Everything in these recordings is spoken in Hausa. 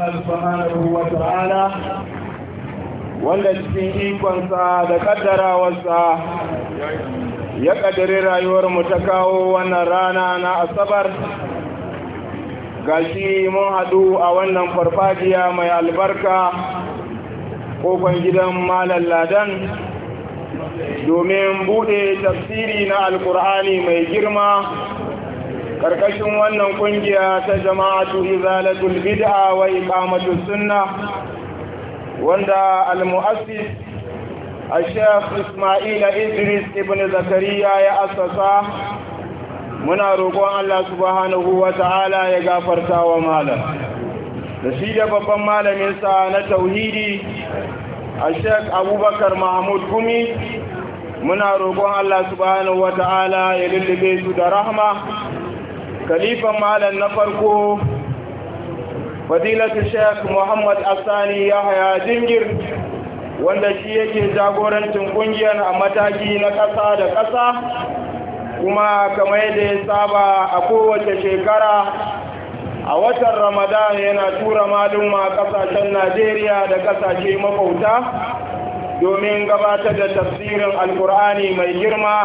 subhanahu wanda cikin ikonsa da kaddarawarsa ya kaddare rayuwarmu ta kawo wannan rana na asabar gashi mun haɗu a wannan farfajiya mai albarka kofan gidan malam ladan domin buɗe tafsiri na alkur'ani mai girma karkashin wannan kungiya ta jama'atu izalatul bid'a wa iqamatus sunna wanda al-mu'assis al-sheikh Isma'il Idris ibn Zakariya ya assasa muna roƙon Allah subhanahu wa ya gafarta wa malam da shi da babban malamin sa na tauhidi al-sheikh Abubakar Mahmud Gumi muna roƙon Allah subhanahu wa ya lullube su da rahma khalifan malam na farko fadilatu sheikh muhammad asani yahaya jingir wanda shi yake jagorancin kungiyar a mataki na ƙasa da ƙasa kuma kamar yadda ya saba a kowace shekara a watan ramadan yana tura malumma kasashen najeriya da kasashe mafauta domin gabatar da tafsirin alkur'ani mai girma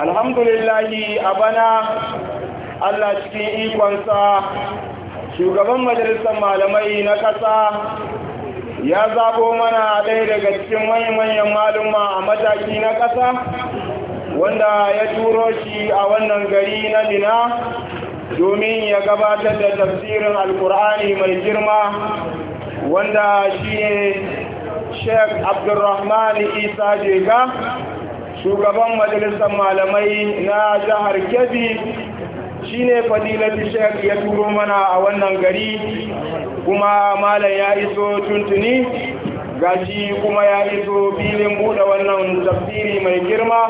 alhamdulillahi a bana Allah cikin ikonsa shugaban majalisar malamai na ƙasa ya zaɓo mana ɗaya daga cikin manyan maluma a mataki na ƙasa wanda ya turo shi a wannan gari na mina domin ya gabatar da tafsirin alkur'ani mai girma wanda shi ne sheikh abdulrahman isa jega shugaban majalisar malamai na jihar kebbi Shi ne fadilati shek ya turo mana a wannan gari kuma malam ya iso tuntuni gashi kuma ya iso filin buɗe wannan tafsiri mai girma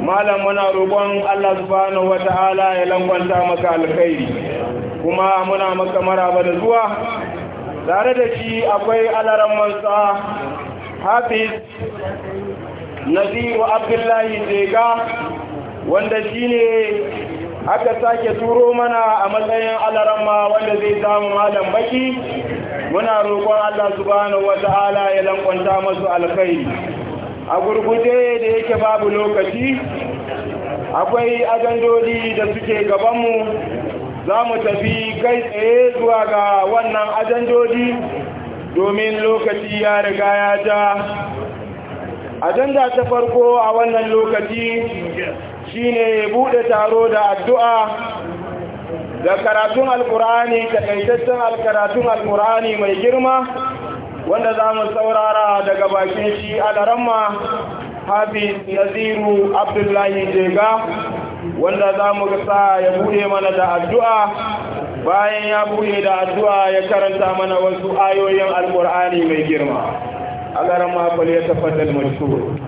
malam muna roƙon Allah subhanahu wa Ta'ala ya lankwanta maka alkhairi kuma muna maka maraba da zuwa tare da shi akwai alaran mansa hafiz naziru abdullahi jega wanda shi ne. aka sake turo mana a matsayin alarama wanda zai samu malam baki muna roƙon Allah subhanahu wata'ala ya lankwanta masu alkhairi a gurguje da yake babu lokaci akwai ajandodi da suke gabanmu za mu tafi kai tsaye zuwa ga wannan ajandodi domin lokaci ya riga ya ja ajanda ta farko a wannan lokaci shine ya bude taro da addu'a da karatun alkur'ani takaitaccen alkaratun alkur'ani mai girma wanda za mu saurara daga bakin shi ramma. hafiz naziru abdullahi jega wanda za mu sa ya bude mana da addu'a bayan ya bude da addu'a ya karanta mana wasu ayoyin alkur'ani mai girma alaramma kwaliyar tafaddal mashhur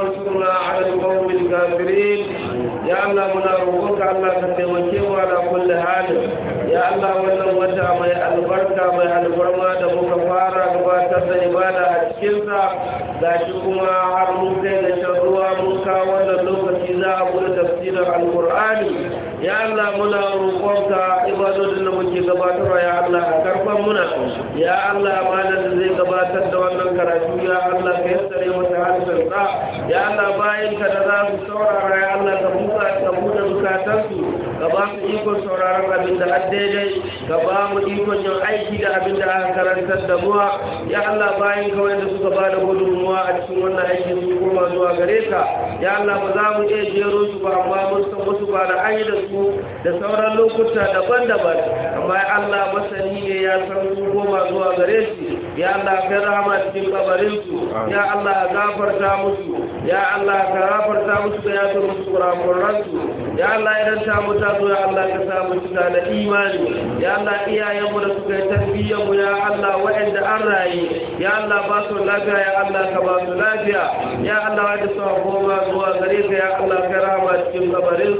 ala muna roƙonka Allah ka taimake mu ala kulli halin ya Allah wannan wata mai albarka mai albarma da muka fara gabatar da ibada a cikinsa ga shi kuma har mun kai da shan mun kawo wannan lokaci za a bude tafsirin alkur'ani ya Allah muna roƙonka ibadodin da muke gabatarwa ya Allah a karfan muna ya Allah malam zai gabatar da wannan karatu ya Allah ka yassare mata harshen ya Allah bayan ka da za su saurara ya Allah ka buɗe zukatansu ba mu ikon sauraron abin da an daidai mu ikon yin aiki da abin da aka karantar da muwa ya Allah bayan ka da suka ba da gudunmuwa a cikin wannan aikin su koma zuwa gare ka ya Allah ba za mu iya jero su ba amma mun san wasu ba da an da su da sauran lokuta daban-daban amma ya Allah masani ne ya san su koma zuwa gare su ya Allah ka rahama cikin kabarin su ya Allah gafarta musu ya Allah ka gafarta musu ka yafe musu kurakuran ya Allah idan ta mutu Ya Allah ka samu cika da imani ya Allah mu da suka yi tarbiyyar mu ya Allah waɗanda an raye ya Allah ba su lafiya ya Allah ka ba su lafiya ya Allah ta sa goma zuwa gare ka ya Allah ka rama cikin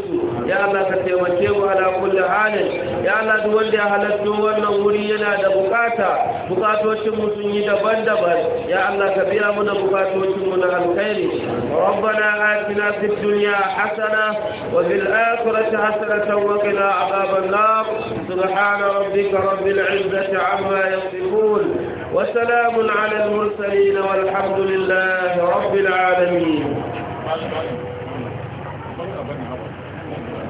su ya Allah ka taimake mu ala kulli halin ya Allah duk wanda ya halatto wannan wuri yana da bukata bukatocin mu sun yi daban-daban ya Allah ka biya mu da bukatocin mu na alkhairi rabbana atina fid dunya hasana wa fil akhirati hasanatan wa qina adhaban nar subhana rabbika rabbil izzati amma yasifun وسلام على المرسلين والحمد لله رب العالمين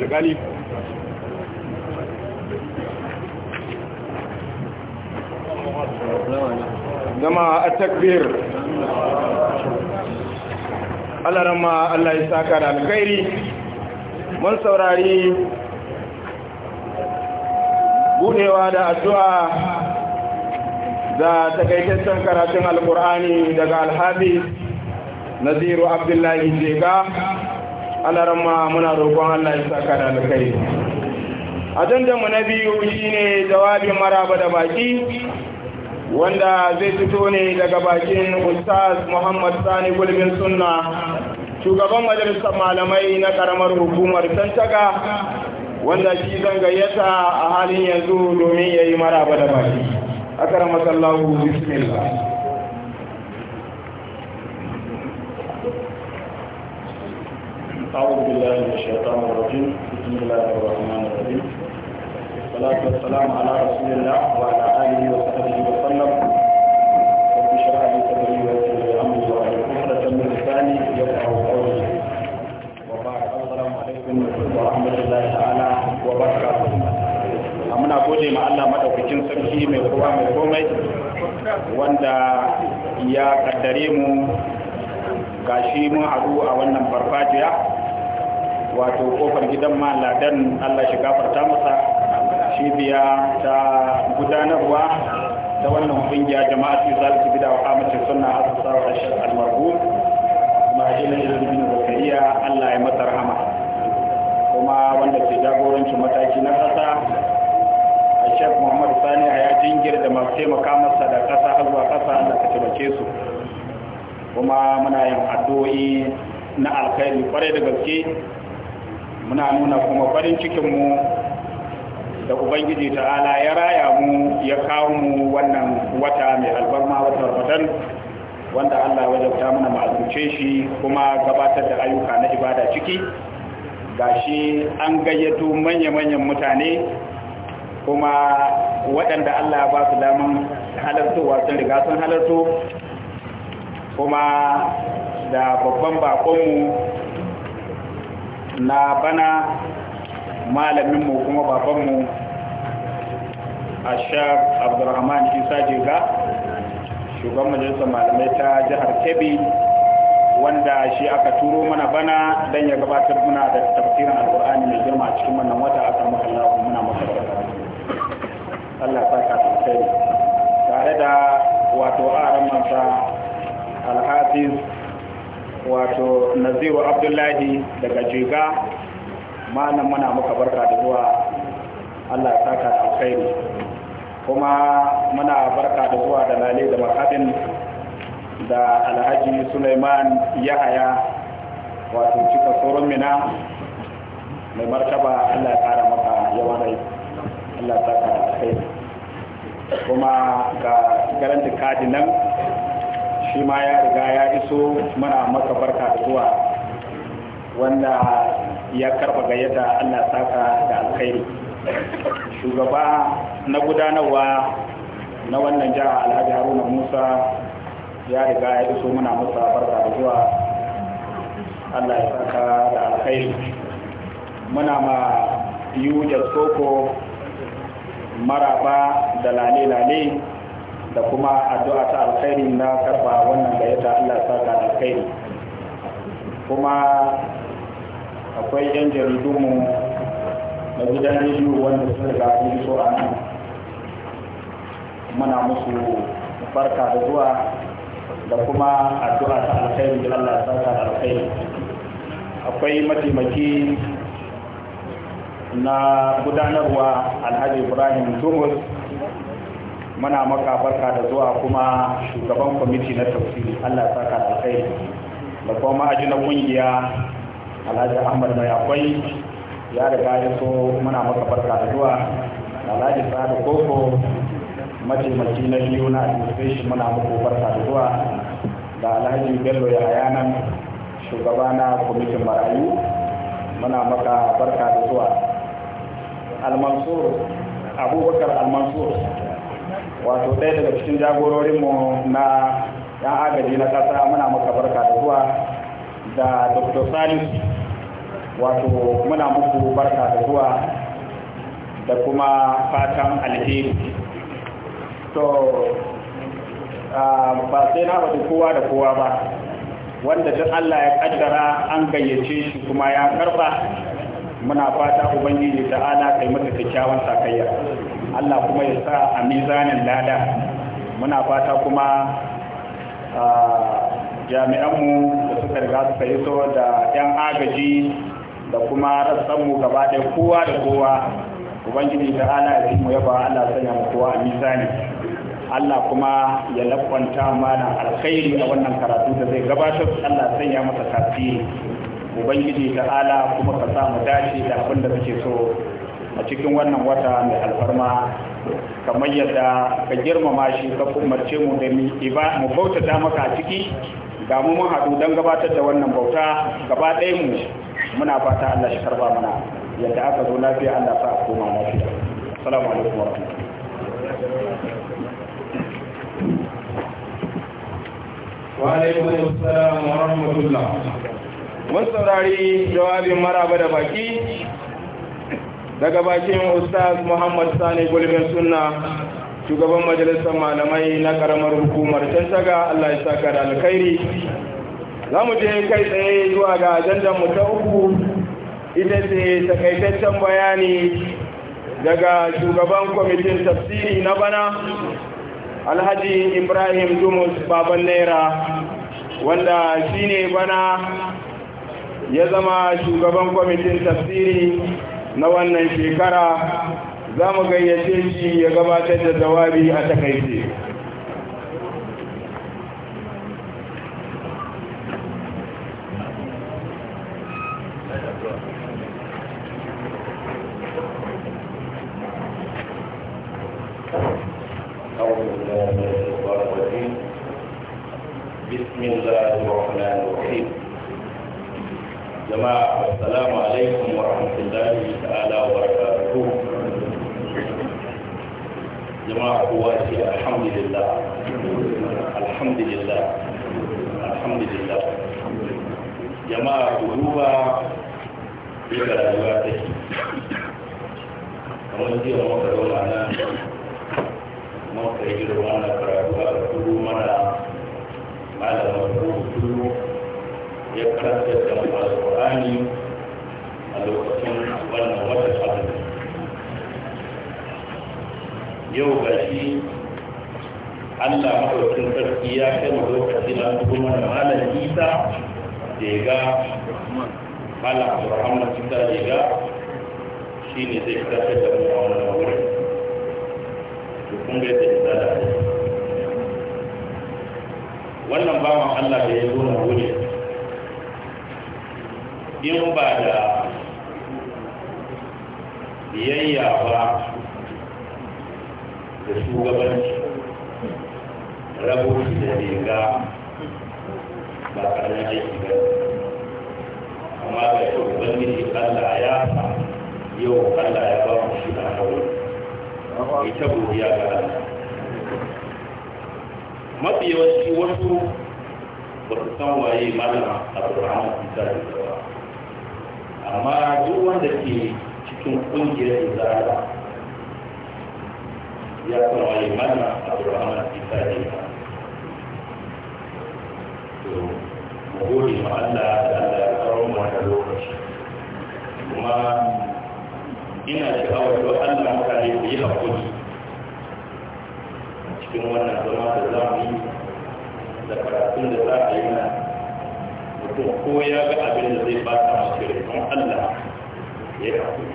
alkali zama a takbir alarama Allah ya saka da alƙairi mun saurari buɗewa da addu'a da takaitaccen karatun Alƙur'ani daga alhabi naziru abdullahi jega alarma muna roƙon Allah ya saka da alkai mu na biyu shine jawabin maraba da baki wanda zai fito ne daga bakin ustaz muhammad sani gulbin sunna shugaban majalisar malamai na karamar hukumar tantaga wanda shi zan gayyata a halin yanzu domin yayi maraba da baki a karamar bismillah أعوذ بالله من الشيطان الرجيم بسم الله الرحمن الرحيم والصلاة والسلام على رسول الله وعلى آله وصحبه وسلم رب اشرح لي صدري ويسر لي أمري واحلل عقدة من لساني يفقهوا قولي وبعد السلام عليكم ورحمة الله تعالى وبركاته muna gode ma Allah madaukakin sarki mai kowa mai komai wanda ya kaddare mu gashi mun haɗu a wannan farfajiya wato kofar gidan maladan Allah shi gafarta masa biya ta gudanarwa ta wannan kungiya jama'a su za su bida wa amince suna asasar da shi almarhu kuma shi da bin zakariya Allah ya masa rahama kuma wanda ke jagorancin mataki na kasa a muhammad sani a ya jingir da masu taimaka masa da kasa har zuwa kasa Allah ka taimake su kuma muna yin addu'o'i na alkhairi kwarai da gaske muna nuna kuma farin cikinmu da ubangiji ta'ala ya raya mu ya kawo mu wannan wata mai albarma wata ramadan wanda allah ya wajabta mana ma'azuce shi kuma gabatar da ayyuka na ibada ciki Ga shi an gayyato manya-manyan mutane kuma waɗanda allah ba su daman halartowa sun riga sun halarto kuma da babban bakonmu na bana malaminmu kuma babanmu a shaf abdurrahman isa jega shugaban majalisar malamai ta jihar kebbi wanda shi aka turo mana bana don ya gabatar muna da tafsirin alkur'ani mai girma a cikin wannan wata aka makalla muna allah ta ka tare da wato a ramansa alhafiz wato naziru abdullahi daga jiga malam muna muka barka da zuwa allah ya saka da alkhairi kuma muna barka da zuwa da lale da makadin da alhaji suleiman yahaya wato cika tsoron mina mai martaba allah ya kara maka yawan rai allah ya saka da alkhairi kuma ga garanti kadi nan shi ma ya riga ya iso muna maka barka da zuwa wanda ya karba gayyata Allah saka da alkhairi shugaba na gudanarwa na wannan jiha alhaji haruna musa ya riga ya iso muna masa barka da zuwa Allah ya saka da alkhairi muna ma yu da soko maraba da lale-lale da kuma addu'a ta alkhairi na karba wannan ta Allah ya saka alkhairi kuma akwai yan mu na gidan rediyo wanda suka ga so a nan muna musu barka da zuwa da kuma addu'a ta alkhairi da Allah ya saka alkhairi akwai mataimaki na gudanarwa alhaji ibrahim dumul muna maka barka da zuwa kuma shugaban kwamiti na tafsiri Allah ya saka da kai da kuma ma'aji na kungiya Alhaji Ahmad mai akwai ya riga ya so muna maka barka da zuwa Alhaji Sadu Koko mataimaki na biyu na administration muna maka barka da zuwa da Alhaji Bello ya hayanan shugaba na kwamitin marayu muna maka barka da zuwa Almansur Abubakar Almansur wato ɗaya daga cikin jagororinmu na yan agaji na ƙasa muna maka barka da zuwa da dr salis wato muna muku barka da zuwa da kuma fatan alheri to ba sai na faɗi kowa da kowa ba wanda duk allah ya ƙaddara an gayyace shi kuma ya karɓa muna fata ubangiji ala kai mata kyakkyawan sakayya Allah kuma ya sa a mizanin lada muna fata kuma jami'anmu da suka riga suka yi da 'yan agaji da kuma rassanmu gaba ɗaya kowa da kowa ubangiji da ala ya mu yaba Allah sanya mu kowa a mizani Allah kuma ya lakwanta mana alkhairi a wannan karatu da zai gabatar Allah sanya masa tasiri ubangiji ta ala kuma ka sa mu dace da abin da kake so a cikin wannan wata mai alfarma kamar yadda ka girmama shi ka umarce mu da mu bauta bautata maka a ciki ga mu mun haɗu don gabatar da wannan bauta gaba ɗaya mu muna fata Allah shi karba mana yadda aka zo lafiya Allah sa a koma lafiya assalamu alaikum wa rahmatullahi wa alaikum assalam wa rahmatullahi mun saurari jawabin maraba da baki daga bakin ustaz muhammad sani gulbin sunna shugaban majalisar malamai na karamar hukumar tantaga allah ya saka da alkhairi za mu je kai tsaye zuwa ga ajandar mu ta uku ita ce takaitaccen bayani daga shugaban kwamitin tafsiri na bana alhaji ibrahim jumus baban naira wanda shine bana ya zama shugaban kwamitin tafsiri na wannan shekara za mu gayyace shi ya gabatar da jawabi a takaice بسم الله جماعة السلام عليكم ورحمة الله تعالى وبركاته جماعة قواتي الحمد لله الحمد لله الحمد لله جماعة قلوبة بكرة جواتي ومجدي ومقرون عنا alkur'ani a lokacin wannan wata abin yau ga shi allah maɗaukin sarki ya kai ma lokacin an kuma da malam isa da ya ga malam abdurrahman cika da ya ga shi ne zai fitar da mu a wannan wurin to kun ga yadda isa da wannan bawan allah da ya zo na wurin in ba da biyayya ba da shugabanci rabuci da riga ba ƙarfin aiki ba amma ga shugabanci allah ya fa yau allah ya ba mu shi a kawai ita godiya ga allah mafi yawanci wasu ba su san waye malama a rahama isa da amma duk wanda ke cikin kungiyar izara ya kama wa limana abdurrahman isa da ita to mu ma Allah da Allah ya karo mu wannan lokaci kuma ina sha'awar don Allah mutane ku yi hakuri cikin wannan zama da zamani da karatun da za a yi nan kuma ko ya ga abin da zai bata masu rai don Allah ya yi haƙuri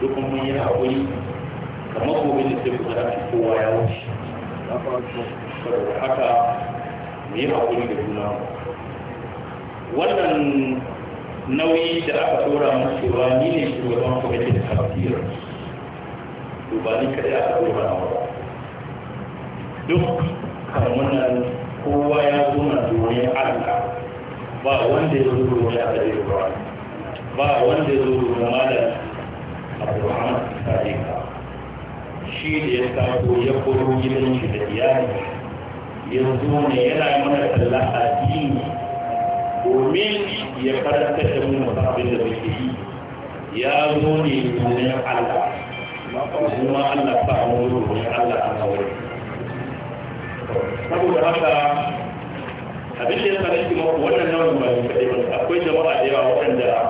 duk mun yi haƙuri kamar gobe da sai da rafi kowa ya wuce saboda haka mu yi haƙuri da juna wannan nauyi da aka tura mu cewa ni ne shugaban kwamitin tafiyar to ba ni kada aka tura mu duk kan wannan kowa ya zo na domin Allah ba wanda ya zo ruwa da alayi ruwa ba wanda ya zo ruwa da abu hamad tarika shi da ya kawo ya koro gidan shi da iyali zo ne yana mana talla addini domin ya karanta da mu abin da muke yi ya zo ne domin Allah kuma Allah ba mu domin Allah a kawai saboda haka abin da ya sanar ki maku wannan nauyin ba ne kaɗai ba akwai jama'a da yawa waɗanda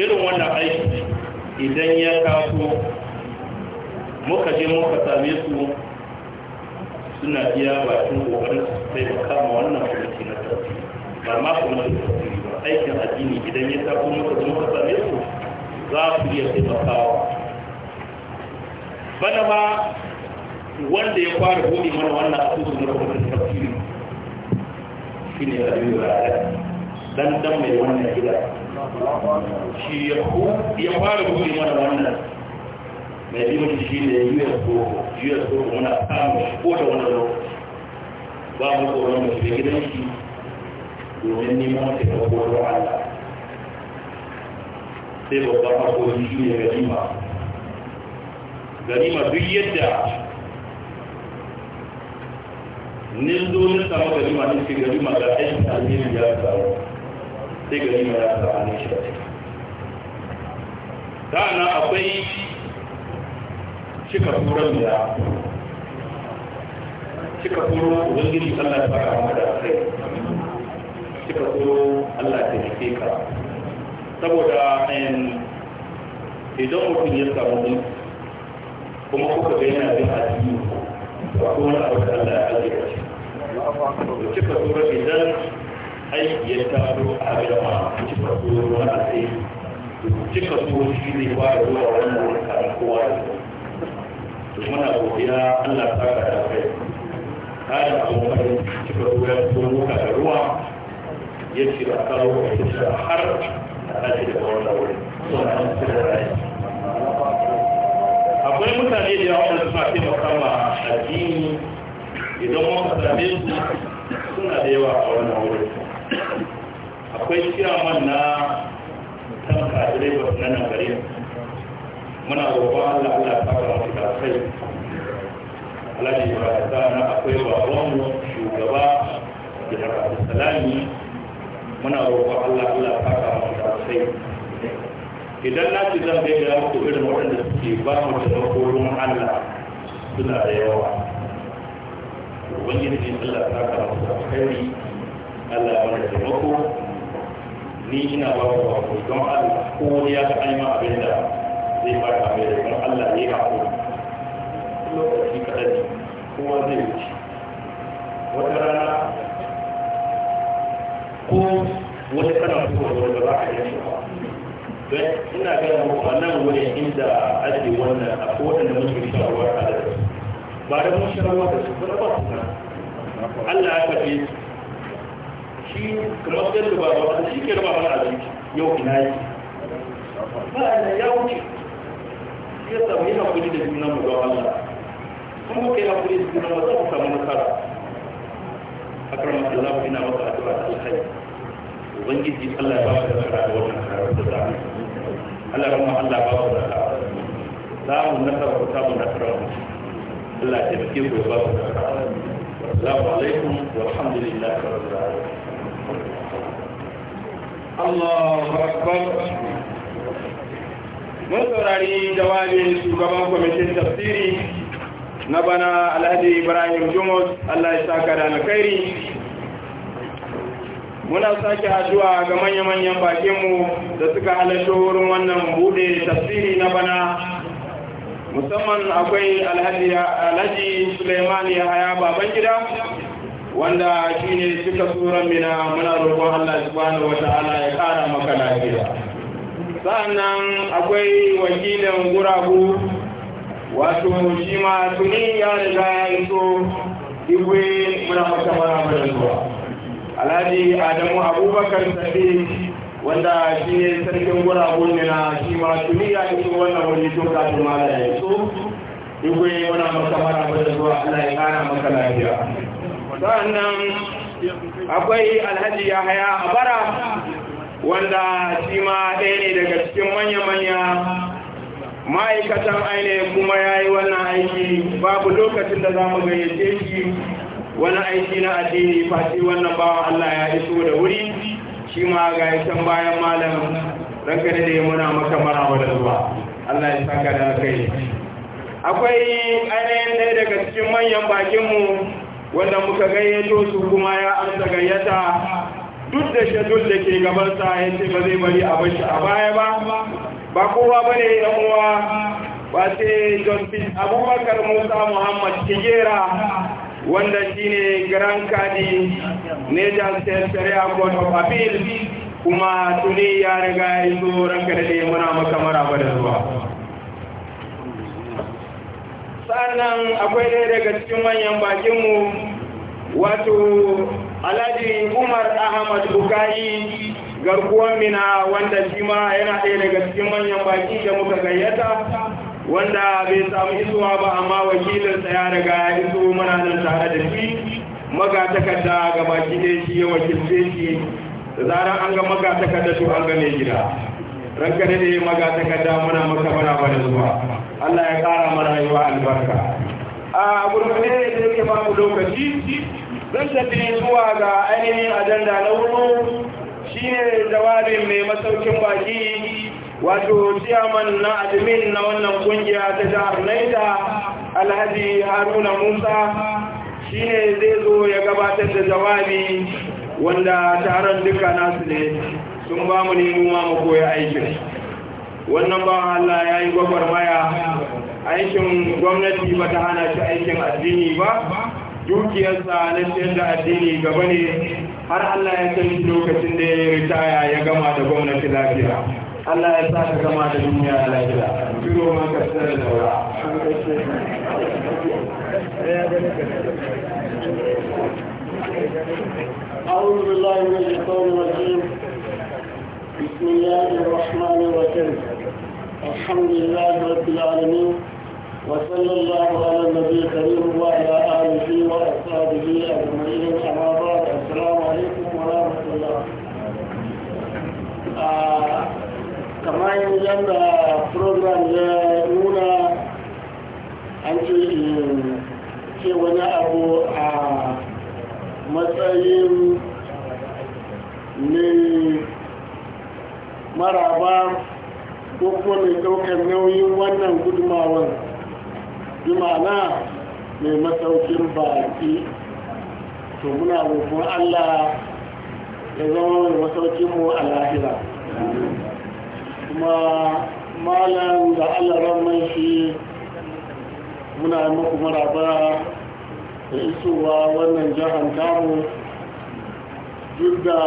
irin wannan aiki idan ya taso muka je muka same su suna iya bakin ƙoƙarin su sai ba kama wannan kwamiti na tafi ba ma kwamitin tafi ba aikin addini idan ya taso muka je muka same su za su iya taimakawa bana ba wanda ya fara buɗe mana wannan asusun na kwamitin tafi shi ne rabi da dan dan mai wannan gida shi ya ku ya fara buɗe mana wannan mai bi mutu shi ne us boko us boko muna samu ko da wani lokaci ba mu tsoron mu shiga gidan shi domin neman ta ga kowa Allah sai babban hakoki shi ne ganima ganima duk yadda ni zo ni samu ganima ni ce ganima ga aikin alheri ya samu sai ganima ya samu ne shi da ciki sa'ana akwai cika turan da cika turo ubangiji Allah ya baka maka da kai cika turo Allah ta taimake ka saboda idan mutum ya samu ne kuma kuka ga yana bin addini ko wani abu da Allah ya ajiye cika sura idan ya taro a gaba wani a shi ne ba da karin kowa da su muna godiya Allah ta ka da kai da ruwa ya ce kawo a har da wuri rai akwai mutane da yawa da suna taimaka ma addini idan wata dame su suna da yawa a wannan wurin akwai ciyaman na tanka ba su nan gari muna roƙon Allah Allah ta fara wata da kai alhaji ba ta na akwai babanmu shugaba da daga salami muna roƙon Allah Allah ta fara wata kai idan na ci zan gaida muku irin waɗanda suke ba mu da makorin Allah suna da yawa ubangiji Allah ta ka kai Allah ya wani taimako ni ina ba ku hakuri don Allah ko ya ga aima abin da zai ba ka mai don Allah ya yi hakuri lokaci kaɗan ne kowa zai wuce wata rana ko wata kana fito da za a yi shi ba ina gaya muku a nan inda ake wannan a kowane da mutum a da ba da mun shirarwa da su kuma ba su na Allah ya faɗe shi kamar yadda ba ba shi ke raba mana abinci yau na yi ba na ya wuce shi ya samu yi hakuri da juna mu don Allah kuma kai hakuri da juna mu za mu samu nasara akramu Allah ina maka addu'a ta alkhairi ubangiji Allah ya ba ka nasara da wannan karar da za Allah ya Allah ba ka nasara za mu nasara ku samu nasara mu mun saurari jawabin shugaban kwamitin tafsiri na bana alhaji ibrahim allah ya da kairi. muna sake haduwa ga manya-manyan bakinmu da suka halatto wurin wannan buɗe tafsiri na bana musamman akwai alhaji suleiman ya haya baban gida wanda shi ne suka tsoron mina muna roƙon allah subhanahu wa ta'ala ya ƙara maka lafiya sa'annan akwai wakilin guragu wato shi ma tuni ya riga ya iso igwe muna maka mara zuwa alhaji adamu abubakar sadiq wanda shi ne sarkin guragun ne na shi ma tuni ya yi wannan wani tuka tuma da ya so igwe wana maka mara da zuwa Allah ya kana maka lafiya sannan akwai alhaji ya haya a bara wanda shi ma ɗaya ne daga cikin manya-manya ma'aikatan aini kuma ya yi wannan aiki babu lokacin da za mu gayyace shi wani aiki na addini fati wannan bawa Allah ya iso da wuri shi ma ga yi can bayan malam ranka da ne muna maka maraba da zuwa Allah ya saka da kai akwai ainihin ɗaya daga cikin manyan bakinmu wanda muka gayyato su kuma ya amsa gayyata duk da duk da ke gabansa ya ce ba zai bari a bashi a baya ba ba kowa ba ne ya uwa ba sai john abubakar musa muhammad kigera wanda shine grand kadi ne da Sharia Court of Appeal kuma tuni ya riga ya zo ranka da dai muna maka maraba da zuwa sannan akwai ɗaya daga cikin manyan bakinmu wato alhaji umar ahmad bukai garkuwan mina wanda shi ma yana ɗaya daga cikin manyan baki da muka gayyata wanda bai samu isuwa ba amma wakilin ya riga ya iso mana nan tare da shi magatakarda ga baki ɗaya shi ya wakilce shi Zaran an ga takarda to an ga mai gida ranka da ɗaya takarda muna maka mana ba da zuwa Allah ya ƙara mana rayuwa albarka a gurgurde da yake ba mu lokaci zan tafi zuwa ga ainihin ajanda na hudu shine jawabin mai masaukin baki wato ciyaman na admin na wannan kungiya ta jihar naija alhaji haruna musa shine zai zo ya gabatar da jawabi wanda taron duka nasu ne sun ba mu ne mu koya aikin wannan ba Allah ya yi gwagwarmaya aikin gwamnati ba ta hana shi aikin addini ba dukiyarsa na siyar da addini gaba ne har Allah ya sani lokacin da ya ritaya ya gama da gwamnati lafiya Allah ya sa ka gama da duniya lafiya biro man أعوذ بالله من الشيطان الرجيم بسم الله الرحمن الرحيم الحمد لله رب العالمين وصلى الله على النبي الكريم وعلى آله وأصحابه أجمعين أما بعد السلام عليكم ورحمة الله آه kamar yadda program ya nuna an eh, ce wani abu a matsayin mai maraba ko kuma mai daukar nauyin wannan gudumawar jumana mai masaukin baki to muna roƙon allah ya zama mai masaukinmu a lahira kuma malam da alaran mai shi muna muku maraba da isowa wannan jihar tamu duk da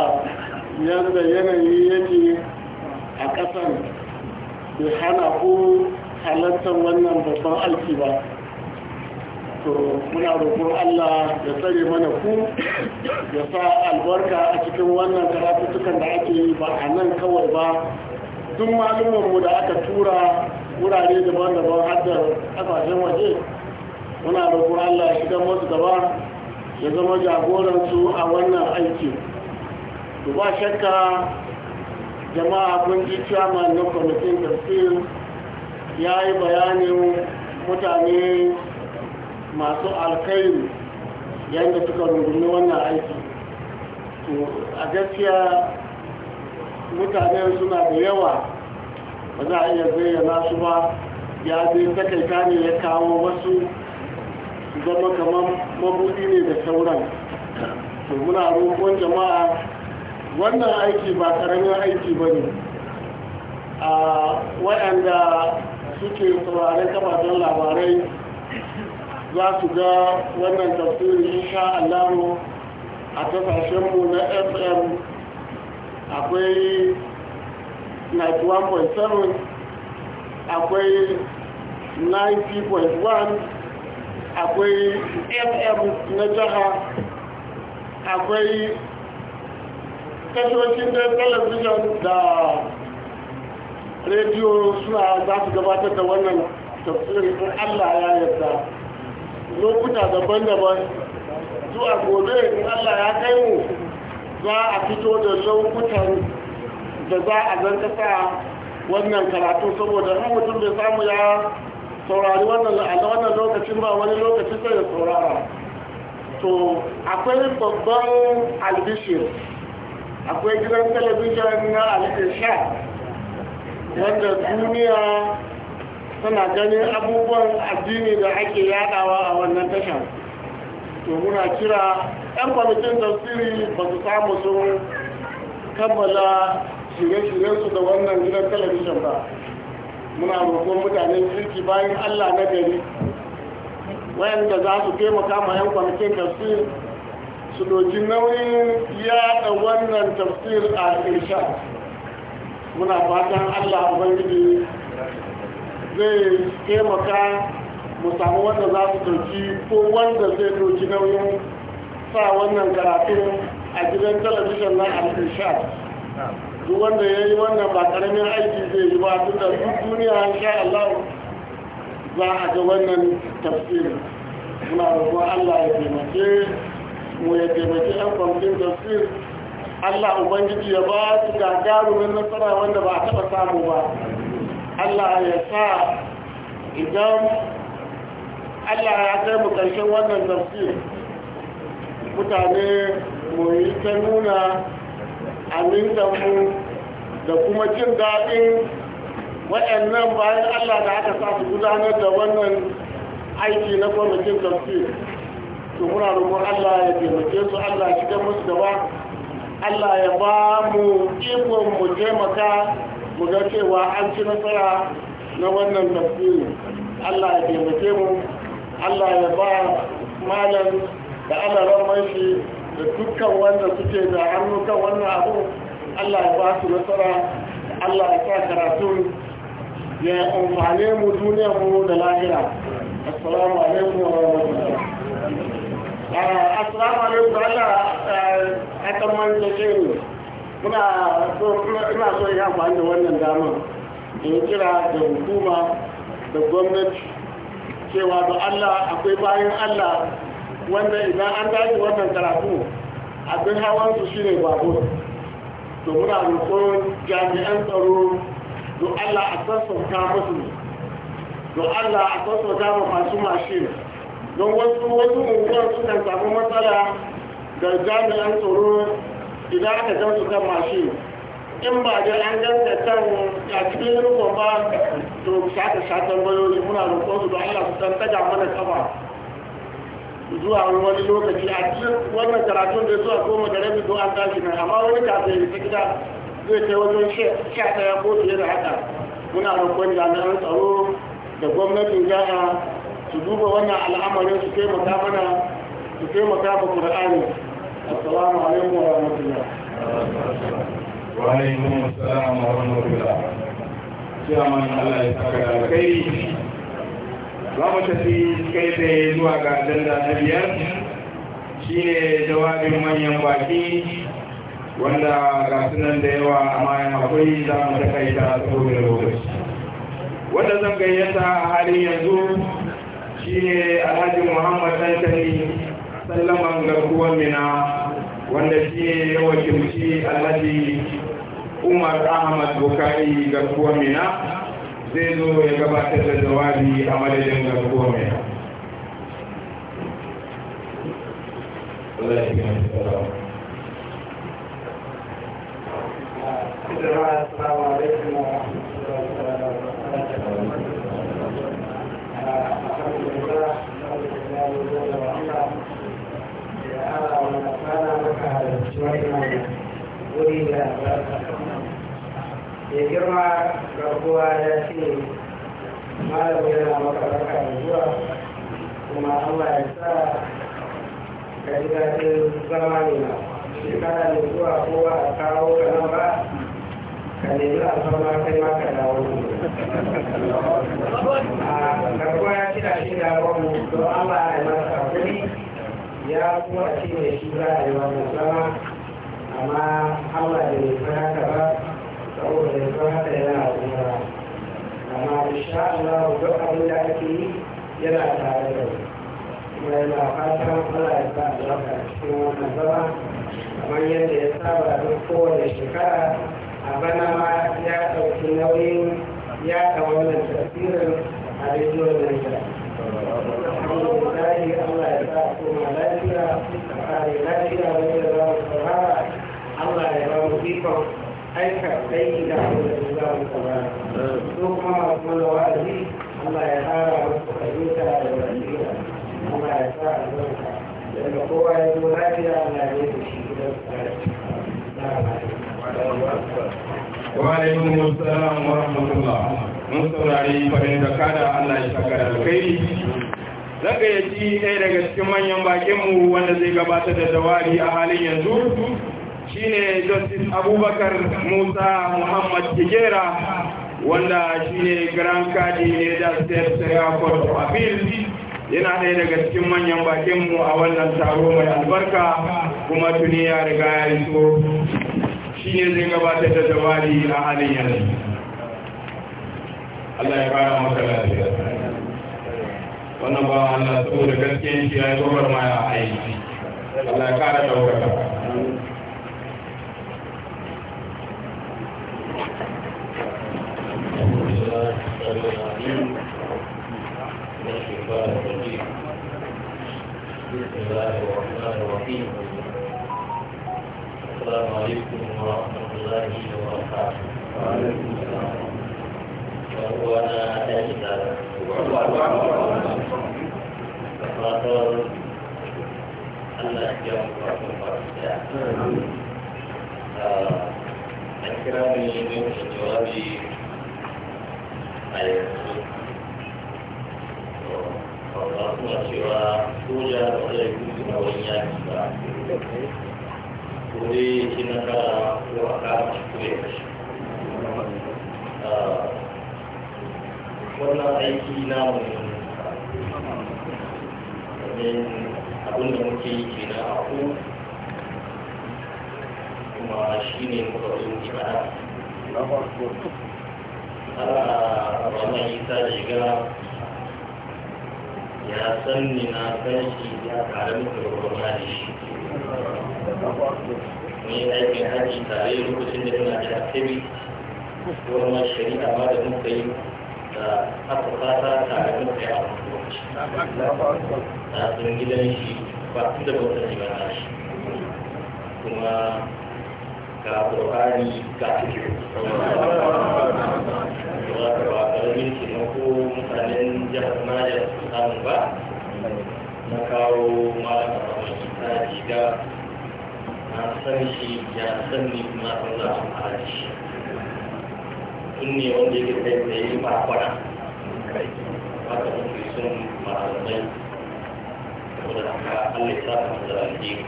yadda yanayi yake a ƙasar bai hana ku halartar wannan babban alki ba to muna roƙon Allah ya tsare mana ku ya sa albarka a cikin wannan karatutukan da ake yi ba a nan kawai ba duk malumanmu da aka tura wurare daban-daban har da kasashen waje muna roƙon Allah ya shiga musu gaba ya zama jagoransu a wannan aiki to ba shakka jama'a kun ji chairman na kwamitin tafsir ya yi bayanin mutane masu alkhairi yadda suka rungumi wannan aiki to a gaskiya mutane suna da yawa ba za a iya zayyana su ba ya zai takaita ne ya kawo wasu zama kamar mabudi ne da sauran to muna roƙon jama'a wannan aiki ba karamin aiki ba ne a waɗanda suke saurare kafafen labarai za su ga wannan tafsiri insha Allah a kasashenmu na fm akwai 91.7 akwai 90.1 akwai fm na jiha akwai tashoshin da talabijin da rediyo suna za su gabatar da wannan tafsirin in allah ya yarda lokuta daban-daban zuwa gobe in allah ya kai mu za a fito da lokutan da za a zarkasa wannan karatu saboda har mutum bai samu ya saurari wannan la'ala lokacin ba wani lokaci sai ya saurara to akwai babban albishir akwai gidan talabijin na al'isha wanda duniya tana ganin abubuwan addini da ake yadawa a wannan tashar to muna kira 'yan kwamitin tafsiri ba su samu sun kammala shirye shiryen su da wannan gidan talabijin ba muna roƙon mutane kirki bayan allah na gari wayanda za su taimaka ma 'yan kwamitin tafsir su doki nauyin yada wannan tafsir a irsha muna fatan allah ubangiji zai taimaka mu samu wanda za su ɗauki ko wanda zai ɗauki nauyin sa wannan karatu a gidan talabijin na al-irshad duk wanda ya yi wannan ba karamin aiki zai yi ba tun da duk duniya sha Allah za a ga wannan tafsirin muna roƙon Allah ya taimake mu ya taimake yan kwamfin tafsir Allah Ubangiji ya ba su gagarumin nasara wanda ba a taɓa samu ba Allah ya sa idan Allah ya kai mu wannan tafsir mutane mu yi ta nuna amintanmu da kuma cin daɗin waɗannan bayan Allah da aka sa su gudanar da wannan aiki na kwamitin tafsir to muna roƙon Allah ya taimake su Allah shiga musu gaba Allah ya ba mu ikon mu taimaka mu ga cewa an ci nasara na wannan tafsiri Allah ya taimake mu Allah ya ba malam da alaran shi da dukkan wanda suke da hannu kan wannan abu Allah ya ba su nasara Allah ya sa karatu, ya amfane mu duniya mu da lahira assalamu alaikum wa rahmatullah ah, assalamu alaikum Allah eh, a kamar da ke kuma ina so ya amfani da wannan dama in kira da hukuma da gwamnati cewa ba Allah akwai bayan Allah wanda idan an dace wannan karatu abin hawan su shine babu to muna roƙon jami'an tsaro to Allah a sassauta musu to Allah a sassauta ma masu mashin don wasu wasu unguwar kan samu matsala da jami'an tsaro idan aka gan kan mashin in ba da an ganta can a cikin rukun ba to shata shatan bayoyi muna da su da Allah su san taga mana kafa zuwa wani lokaci a cikin wannan karatun da zuwa goma da rabi zuwa tashi nan amma wani kafin ta gida zai kai wajen shata ya ko fiye da haka muna da jami'an tsaro da gwamnatin jaha su duba wannan al'amarin su taimaka mana su taimaka ma Qur'ani assalamu alaikum wa rahmatullah wa alaikum assalam wa rahmatullah ciyaman Allah ya saka da alkhairi za tafi kai tsaye zuwa ga ajanda ta biyar shine jawabin manyan baki wanda ga sunan da yawa amma akwai za mu takaita saboda lokaci wanda zan gayyata a halin yanzu shine alhaji muhammad dantani sallaman garkuwar wanda shi ya wakilci alhaji umar ahmad bukari garkuwar mina zai zo ya gabatar da jawabi a madadin garkuwar mina Assalamu alaikum. ya girma ga kowa ya ce malam yana maka barka da zuwa kuma Allah ya sa ka ji daɗin zama ne na shekara ne zuwa kowa a kawo ka nan ba ka nemi alfarma kai ma ka dawo a garkuwa ya kira shi da wani don Allah ya masa hakuri ya kuma ce da shi za a yi wannan zama amma Allah da ya san haka ba saboda ya san haka yana umara amma insha Allah duk abin da ake yi yana tare da kuma yana fata Allah ya sa albarka cikin wannan zama kamar yadda ya saba don kowane shekara a bana ma ya ɗauki nauyin ya wannan tasirin a rediyon Nigeria. Alhamdulillah Allah ya sa kuma lafiya, a lafiya wanda za mu ikon aika aiki kuma masu mana wa'azi Allah ya tsara masu da basira ya sa albarka daga ya zo ya yi shi mun saurari farin kada Allah ya saka alkhairi zaka yaci ɗaya daga cikin manyan bakinmu wanda zai gabatar da dawari a halin yanzu shine justice abubakar musa muhammad kijera wanda shine grand kadi ne da state sariya court of appeal yana ɗaya daga cikin manyan bakinmu a wannan taro mai albarka kuma tuni ya riga ya iso shi ne zai gabatar da jawabi a halin yanzu Allah ya kara masa lafiya wannan ba Allah saboda gaskiyan shi ya yi gwagwarmaya a aiki Allah ya kara ɗaukaka عليكم ورحمة الله وبركاته وعليكم السلام وأنا أجد فقدر أن أحجم رحمة الله أكرمي من جوابي Kalau aku masih orang, aku jangan boleh ikut dengan orang yang kuri shi na ah, wannan aiki na mu domin abin da muke yi ke na aku kuma shi ne muka zo ibada ana ah, isa shiga ya san ni na kan shi ya kare muka da mai aikin haji tare lokacin da muna da akami wannan shari'a ma da muka yi da aka fata tare muka yi a wani lokaci a gidan shi ba su da bauta ne ba shi kuma ga ƙorari ga cikin ba ba jihar Niger su ba na kawo malam san shi ya san ni kuma san za su fara shi sun ne wanda yake kai tsaye ba kwana haka muke sun malamai saboda haka Allah ya saka mu da alheri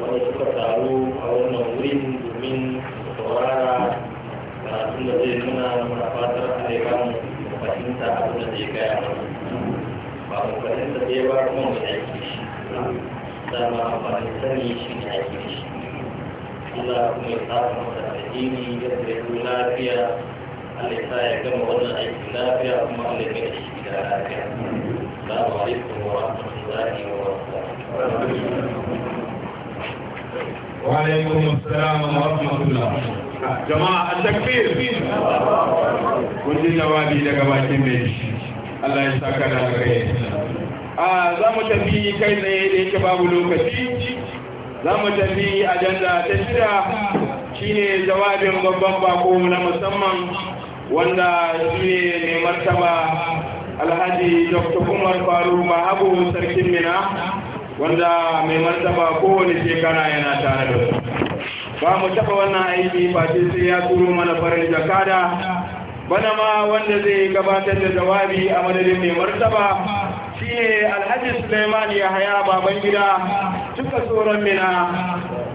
wanda suka taru a wannan wurin domin saurara karatun da zai nuna muna fatar Allah ya ba mu fahimta abin da zai gaya ba mu fahimta da ya ba kuma mu aiki سلام عليكم ورحمة الله وعليكم السلام ورحمة الله جماعة التكبير كل جوابي لك باكي الله يسكر على خير a za mu tafi kai tsaye da yake babu lokaci za mu tafi a ajanda ta shida ne jawabin babban bako na musamman wanda shi ne mai martaba alhaji dr umar faru mahabu sarkin mina wanda mai martaba kowane shekara yana tare da su ba mu taɓa wannan aiki face sai ya turo mana farin jakada bana ma wanda zai gabatar da jawabi a madadin mai martaba shine alhaji suleimani ya haya baban gida duka tsoron mina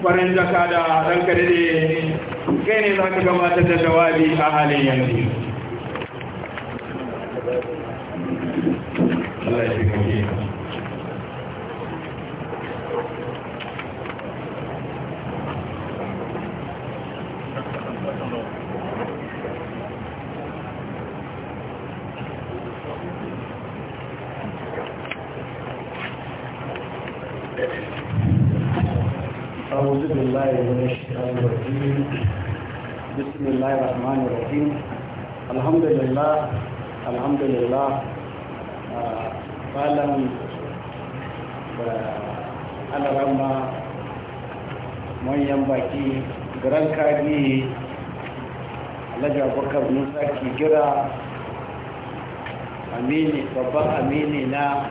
farin jaka da ɗan kadade kai ne za ka gabatar da jawabi a halin yanzu أعوذ بالله من الشيطان الرجيم بسم الله الرحمن الرحيم الحمد لله الحمد لله فعلا على رمى من ينبكي garan kaji لجا بكر musa ke جرا amini بابا amini na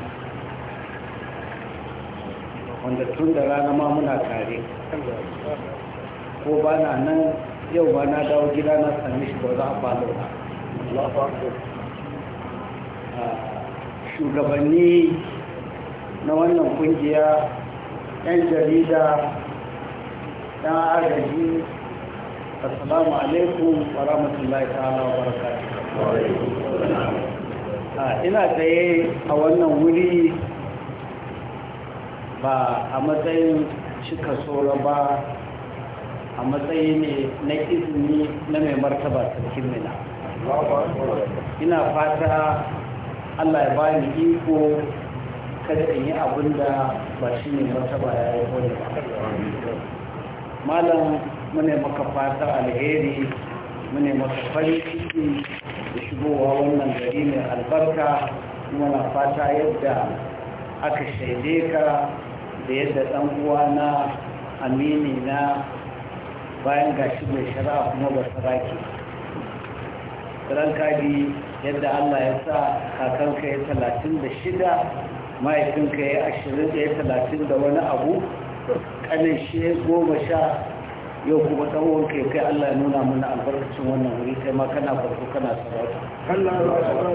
wanda tun da rana ma muna tare ko ba na nan yau ba na dawo gida na sami shi ba za a falo na shugabanni na wannan kungiya 'yan jarida 'yan agaji assalamu alaikum wa rahmatullahi ta'ala wa barakatuh ina tsaye a wannan wuri ba a matsayin cika tsoro ba a matsayi ne na izini na mai martaba sarkin mina ina fata allah ya ba ni iko kada in yi abin da ba shi ne martaba ya yi kone ba malam mune maka fata alheri mune maka farin ciki da shigowa wannan gari mai albarka kuma fata yadda aka shaide ka da yadda ɗan uwana amini na bayan gashi mai shari'a kuma ba raki, ranka bi yadda allah ya sa kakanka ya talatin da shida mahaifinka ya ashirin da ya talatin da wani abu ƙanin shi ya goma sha yau kuma tsawon kai kai allah ya nuna mana albarkacin wannan wuri kai ma kana farko kana sarauta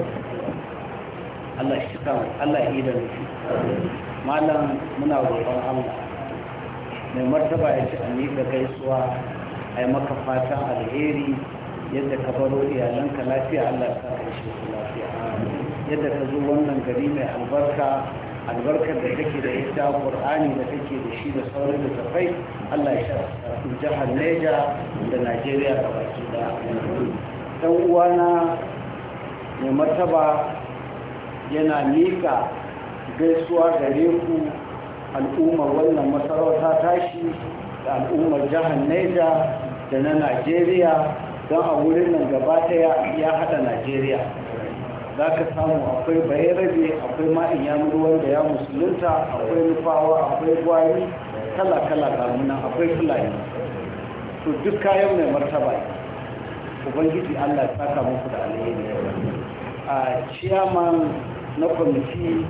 allah ya shi kama allah ya yi da nufi malam muna roƙon Allah mai martaba ya ci a miƙa gaisuwa a yi maka fatan alheri yadda ka baro iyalanka lafiya Allah ta karshe su lafiya yadda ka zo wannan gari mai albarka albarkar da kake da ita qur'ani da kake da shi da sauran da tafai Allah ya shafi jihar Neja da Najeriya da baki da Ɗan uwana mai martaba yana mika gaisuwa gare ku al'ummar wannan masarauta tashi da al'ummar jihar Neja da na Najeriya don a wurin nan gaba daya ya hada Najeriya za ka samu akwai bayarabe akwai ma'in yamuruwan da ya musulunta akwai nufawa akwai gwari kala-kala gamuna akwai fulani to duk kayan mai martaba ubangiji allah ya saka muku da alheri a ciyaman na kwamiti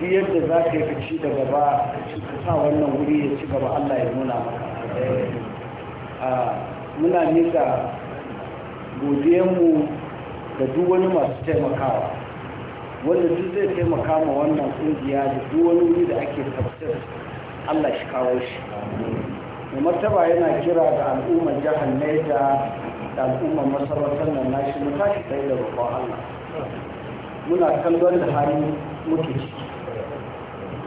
duk yadda za ka yi fici da gaba, ka sa wannan wuri ya ci gaba Allah ya nuna maka eh, muna nika godiyanmu da duk wani masu taimakawa wanda duk zai taimaka ma wannan ƙungiya da duk wani wuri da ake tabbatar Allah shi kawo shi mai martaba yana kira ga al'ummar jihar Niger da al'ummar masarautar nan nashi mu tashi tsaye da roƙon Allah muna kallon da hali muke ciki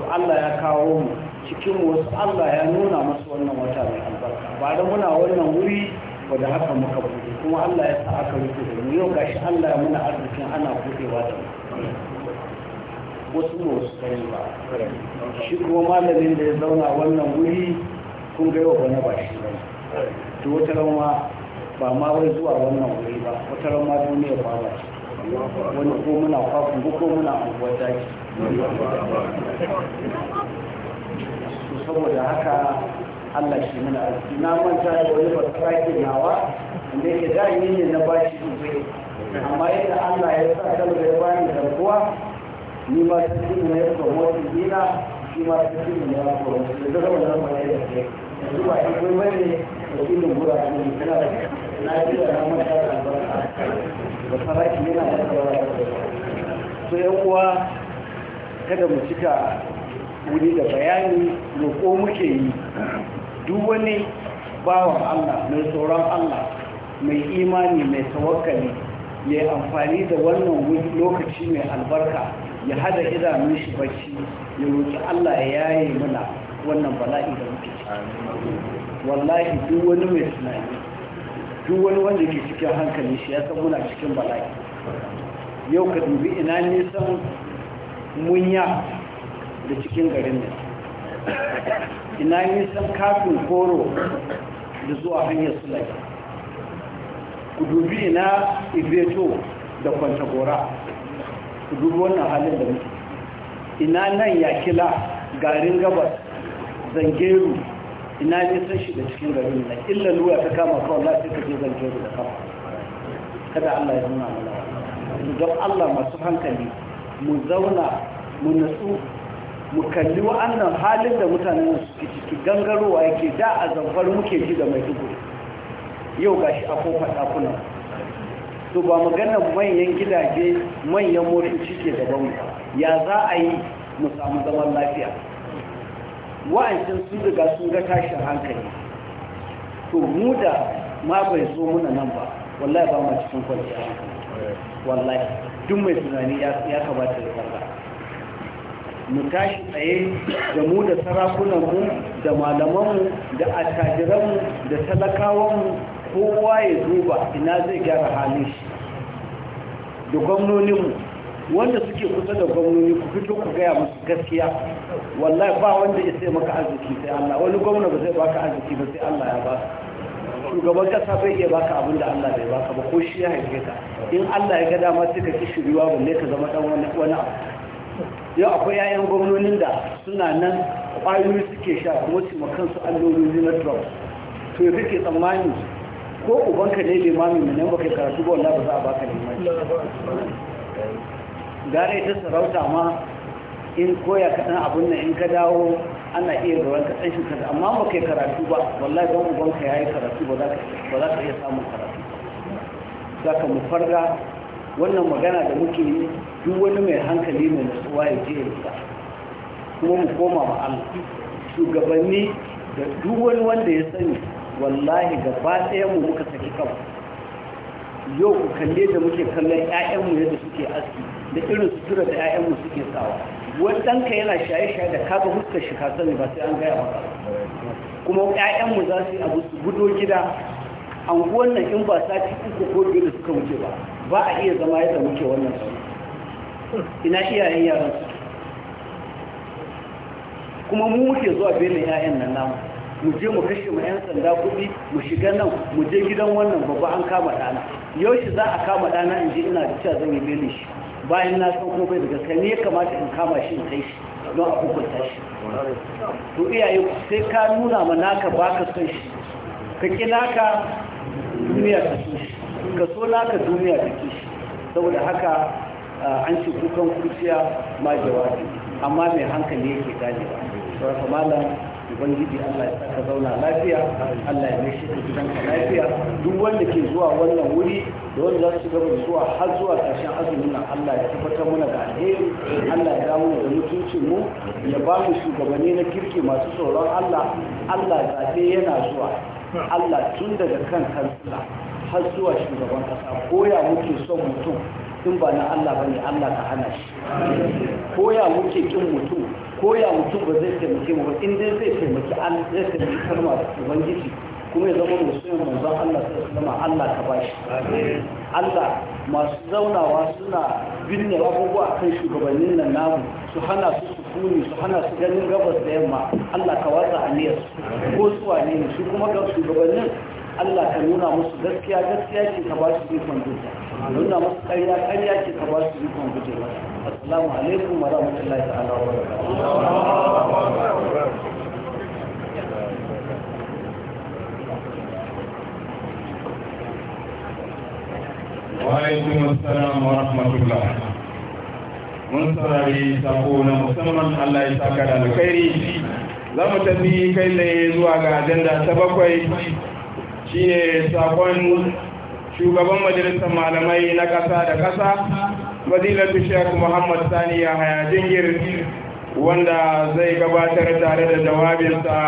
to Allah ya kawo mu cikin wasu Allah ya nuna masu wannan wata mai albarka ba da muna wannan wuri ba da haka muka buɗe kuma Allah ya sa aka rufe da mu yau gashi Allah ya muna arzikin ana buɗewa da wasu ne wasu kare ba shi kuma malamin da ya zauna wannan wuri kun ga yau bane ba shi ba to wata rama ba ma wai zuwa wannan wuri ba wata rama duniya ba ba wani ko muna kwakun ko muna abubuwa daji saboda haka Allah shi mana arziki na manta da wani basiraki nawa inda yake da yi ne na bashi dubai amma yadda Allah ya sa da ya bani garkuwa ni ma su cikin na ya promote dina shi ma su cikin na ya promote da zama da zama ya yake yanzu ba shi da ilin gura ne kana da na ji da na manta da albarka basiraki yana da kawai da kawai yan uwa kada mu cika wuri da bayani roƙo muke yi duk wani bawan Allah mai tsoron Allah mai imani mai tawakkali ya yi amfani da wannan lokaci mai albarka ya hada idanun shi bacci ya roƙi Allah ya yaye mana wannan bala'i da muke ciki wallahi duk wani mai tunani duk wani wanda ke cikin hankali shi ya san muna cikin bala'i yau ka dubi ina nisan munya da cikin garin nan ina yi san kafin koro da zuwa hanyar sulai ku dubi na ibeto da kwantagora ku dubi wannan halin da muke ina nan yakila garin gabas zangeru ina nisan shi da cikin garin da illa luwa ta kama kawai lati ka je zangeru da kama, kada allah ya nuna mana don allah masu hankali mu zauna mu natsu mu kalli wa'annan halin da mutanen suke ciki gangarowa yake da a zamfar muke ji da mai dubu yau shi a kofa ɗakuna to ba maganar manyan gidaje manyan motoci cike da mu ya za a yi mu samu zaman lafiya wa'ancin sun daga sun ga tashin hankali to mu da ma bai zo muna nan ba wallahi ba mu cikin kwanciyar hankali wallahi duk mai tunani ya kamata da sallah mu tashi tsaye da mu da sarakunanmu da malamanmu da attajiranmu da talakawanmu kowa ya duba ina zai gyara halin shi da gwamnoninmu wanda suke kusa da gwamnoni ku fito ku gaya musu gaskiya wallahi ba wanda ya sai maka arziki sai Allah wani gwamna ba zai baka arziki ba sai Allah ya ba su. shugaban kasa bai iya baka abin da Allah bai baka ba ko shi ya haife ka in Allah ya ga dama sai ka ki shiriwa ne ka zama dan wani wani abu yau akwai yayan gwamnonin da suna nan kwayoyi suke sha kuma su ma kansu allolin na drugs to ya kake tsammani ko ubanka ne limami mai nan baka karatu ba wallahi ba za a baka limami gare ta sarauta ma in koya kaɗan abin nan in ka dawo ana iya gaban ka tsanshin ka amma ba kai karatu ba wallahi don ubanka ya yi karatu ba za ka iya samun karatu za ka mu farga wannan magana da muke yi duk wani mai hankali mai nutsuwa ya je ya kuma mu koma ma Allah shugabanni da duk wani wanda ya sani wallahi gaba ɗaya mu muka saki kan yau ku kalle da muke kallon 'ya'yanmu yadda suke aski da irin sutura da 'ya'yanmu suke sawa wadanka yana shaye-shaye da kaga huskar shi kasar ne ba sai an gaya maka kuma ƴaƴanmu za su yi abu su gudo gida anguwan nan in ba sati uku ko biyu da suka wuce ba ba a iya zama yadda muke wannan su ina iyayen yaran su kuma mu muke zuwa bene 'ya'yan nan namu mu je mu kashe mu 'yan sanda kuɗi mu shiga nan mu je gidan wannan babba an kama ɗana yau shi za a kama ɗana in je ina da cewa zan yi bene shi bayan na san kuma bai da gaske ne kamata in kama shi in kai shi don a hukunta shi to iyaye sai ka nuna ma naka baka son shi ka ki naka duniya ta ki shi ka so naka duniya ta ki shi saboda haka an ce kukan kurciya ma jawabi amma mai hankali yake ganewa sauran kamalan ubangiji Allah ya saka zauna lafiya Allah ya mishi ka gidanka lafiya duk wanda ke zuwa wannan wuri da wanda za su gaba zuwa har zuwa ƙarshen azumin nan Allah ya tabbatar mana da alheri Allah ya damu da mutuncin mu ya ba mu shugabanni na kirki masu tsoron Allah Allah zaɓe yana zuwa Allah tun daga kan kansila har zuwa shugaban ƙasa koya muke son mutum in ba na Allah ne Allah ka hana shi koya muke kin mutum koya mutum ba zai taimake mu ba in dai zai taimaki an zai taimaki karma da ubangiji kuma ya zama musulmin manzon Allah sallallahu alaihi Allah ka bashi Allah masu zaunawa suna binne abubuwa kan shugabannin nan namu su hana su su kuni su hana su ganin gabas da yamma Allah ka watsa aniyar ko su wane ne shi kuma ga shugabannin Allah ka nuna musu gaskiya gaskiya ce ka ba su ikon duka nuna musu ƙarya ƙarya ce ka ba shi ikon gujewa assalamu alaikum wa rahmatullahi ta'ala wa barakatuh Wa'alaikun assalam na musamman Allah ya saka da Za mu tafi kai zuwa ga da ta bakwai shine sakon shugaban majalisar malamai na ƙasa da ƙasa fadilatu shek muhammad sani ya haya jingir wanda zai gabatar tare da jawabinsa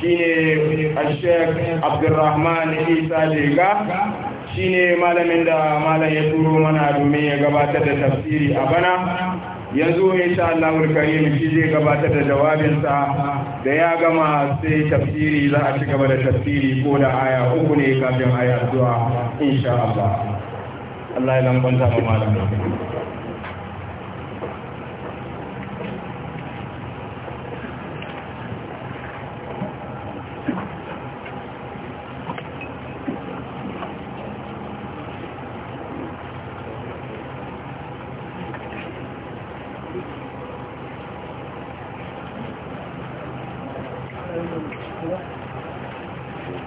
shine ashek abdurrahman isa jega shine malamin da malam ya turo mana domin ya gabatar da tafsiri a bana yanzu insha Allah karim shi zai gabatar da jawabinsa da ya gama sai tafsiri za a ci gaba da tafsiri ko da aya uku ne kafin aya zuwa insha Allah Allah ya lambanta ma malam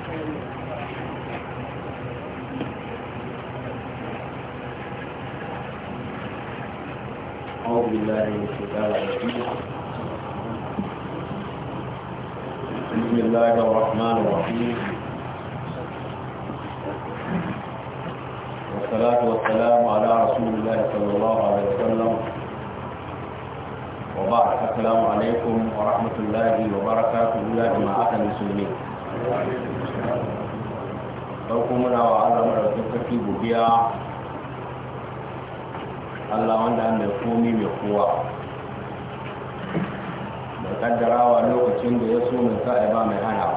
Thank you. بالله من الشيطان الرجيم بسم الله الرحمن الرحيم والصلاة والسلام على رسول الله صلى الله عليه وسلم وبعد السلام عليكم ورحمة الله وبركاته يا جماعة المسلمين ɗauko muna wa alamar da suka fi gubiya Allah wanda mai komi mai kowa da kaddarawa lokacin da ya so mai sa'i ba mai hana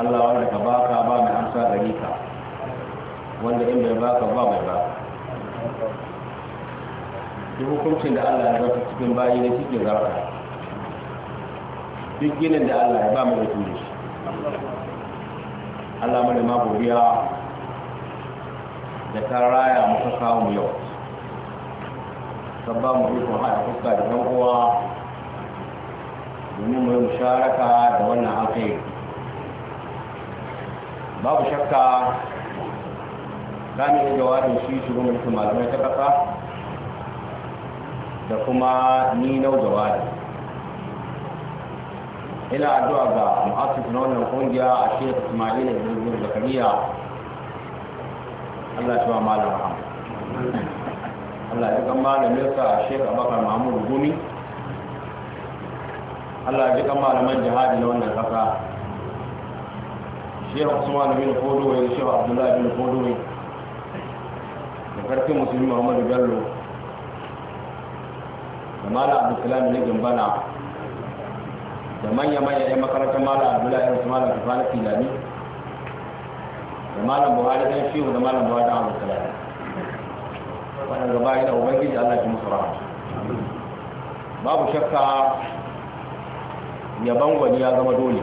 Allah wanda ka baka ba mai amsa gari ka wanda in bai baka ba mai ba duk hukuncin da Allah ya zarta cikin bayi ne cikin zarta duk ginin da Allah ya ba mai da tuni Allah mai ma godiya da ta raya muka samu yau kan ba mu kuma haɗa fuska da ɗan uwa domin mu yi musharaka da wannan alkhairi babu shakka kamin jawabin shi shugaban mulkin malamai ta ƙasa da kuma ni nau jawabi ina addu'a ga mu'assis na wannan kungiya a shekaru Ismail Ibrahim Zakariya Allah ya ba malam rahama Allah ya kan malamin sa Sheikh Abubakar Mahmud Gumi Allah ya kan malaman jihadi na wannan kasa Sheikh Usman bin ya Sheikh Abdullah bin Fodowai da karfi musulmi Muhammadu Gallo da malam Abdulsalam ne Gambana da manya-manya ya makarantar malam Abdullahi Usman da Tufani Filani da malam buhari dan shehu da malam buhari dan abu salami waɗanda bayan da ubangiji allah ji musu rahama babu shakka yaban wani ya zama dole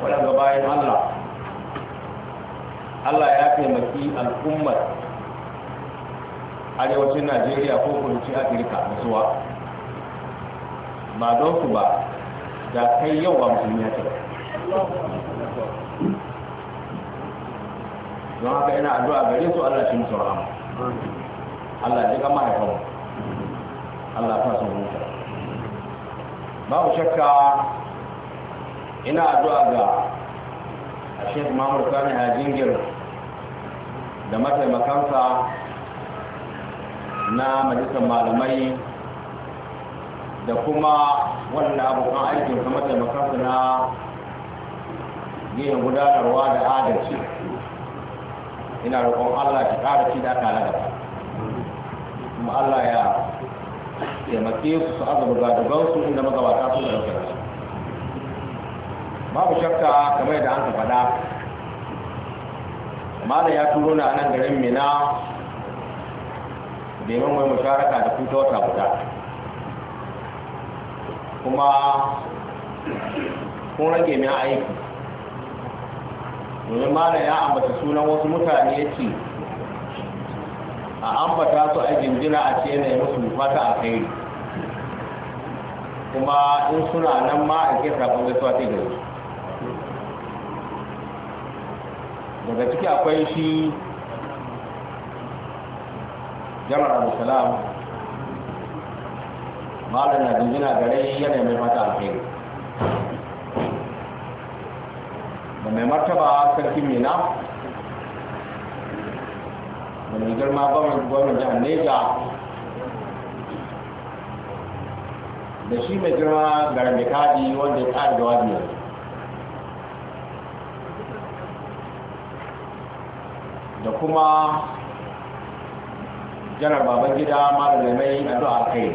waɗanda bayan allah allah ya taimaki al'ummar arewacin najeriya ko kuducin afirka musuwa ba don su ba da kai yau ba musulmi ya ce don haka yana addu'a gare su Allah shi musu rahama Allah ya ga mahaifan Allah ta su huta babu shakka ina addu'a ga Sheikh Mahmud Sani jingir da mataimakansa na majalisar malamai da kuma wannan abokan aikin kuma taimakansu na gina gudanarwa da adalci ina roƙon Allah ki ƙara ci da tare da ba kuma Allah ya taimake su su azaba gadugan su inda magabata su da ɗauke babu shakka kamar yadda an ka faɗa mala ya turo na nan garin mina domin mai musharaka da kuta wata guda kuma kun rage min aiki domin mana ya ambata sunan wasu mutane ya ce a ambata su a jinjina a ce yanayi musu fata a kai kuma in suna nan ma a ke sabon gaisuwa ta da daga ciki akwai shi jamar abusalam malar na jinjina gare yanayi mai mata a kai mai martaba sarki mina da mai girma gwamnan jihar neja da shi mai girma garin kaji wanda ya tsari da wajen da kuma janar baban gida malamai addu'a kai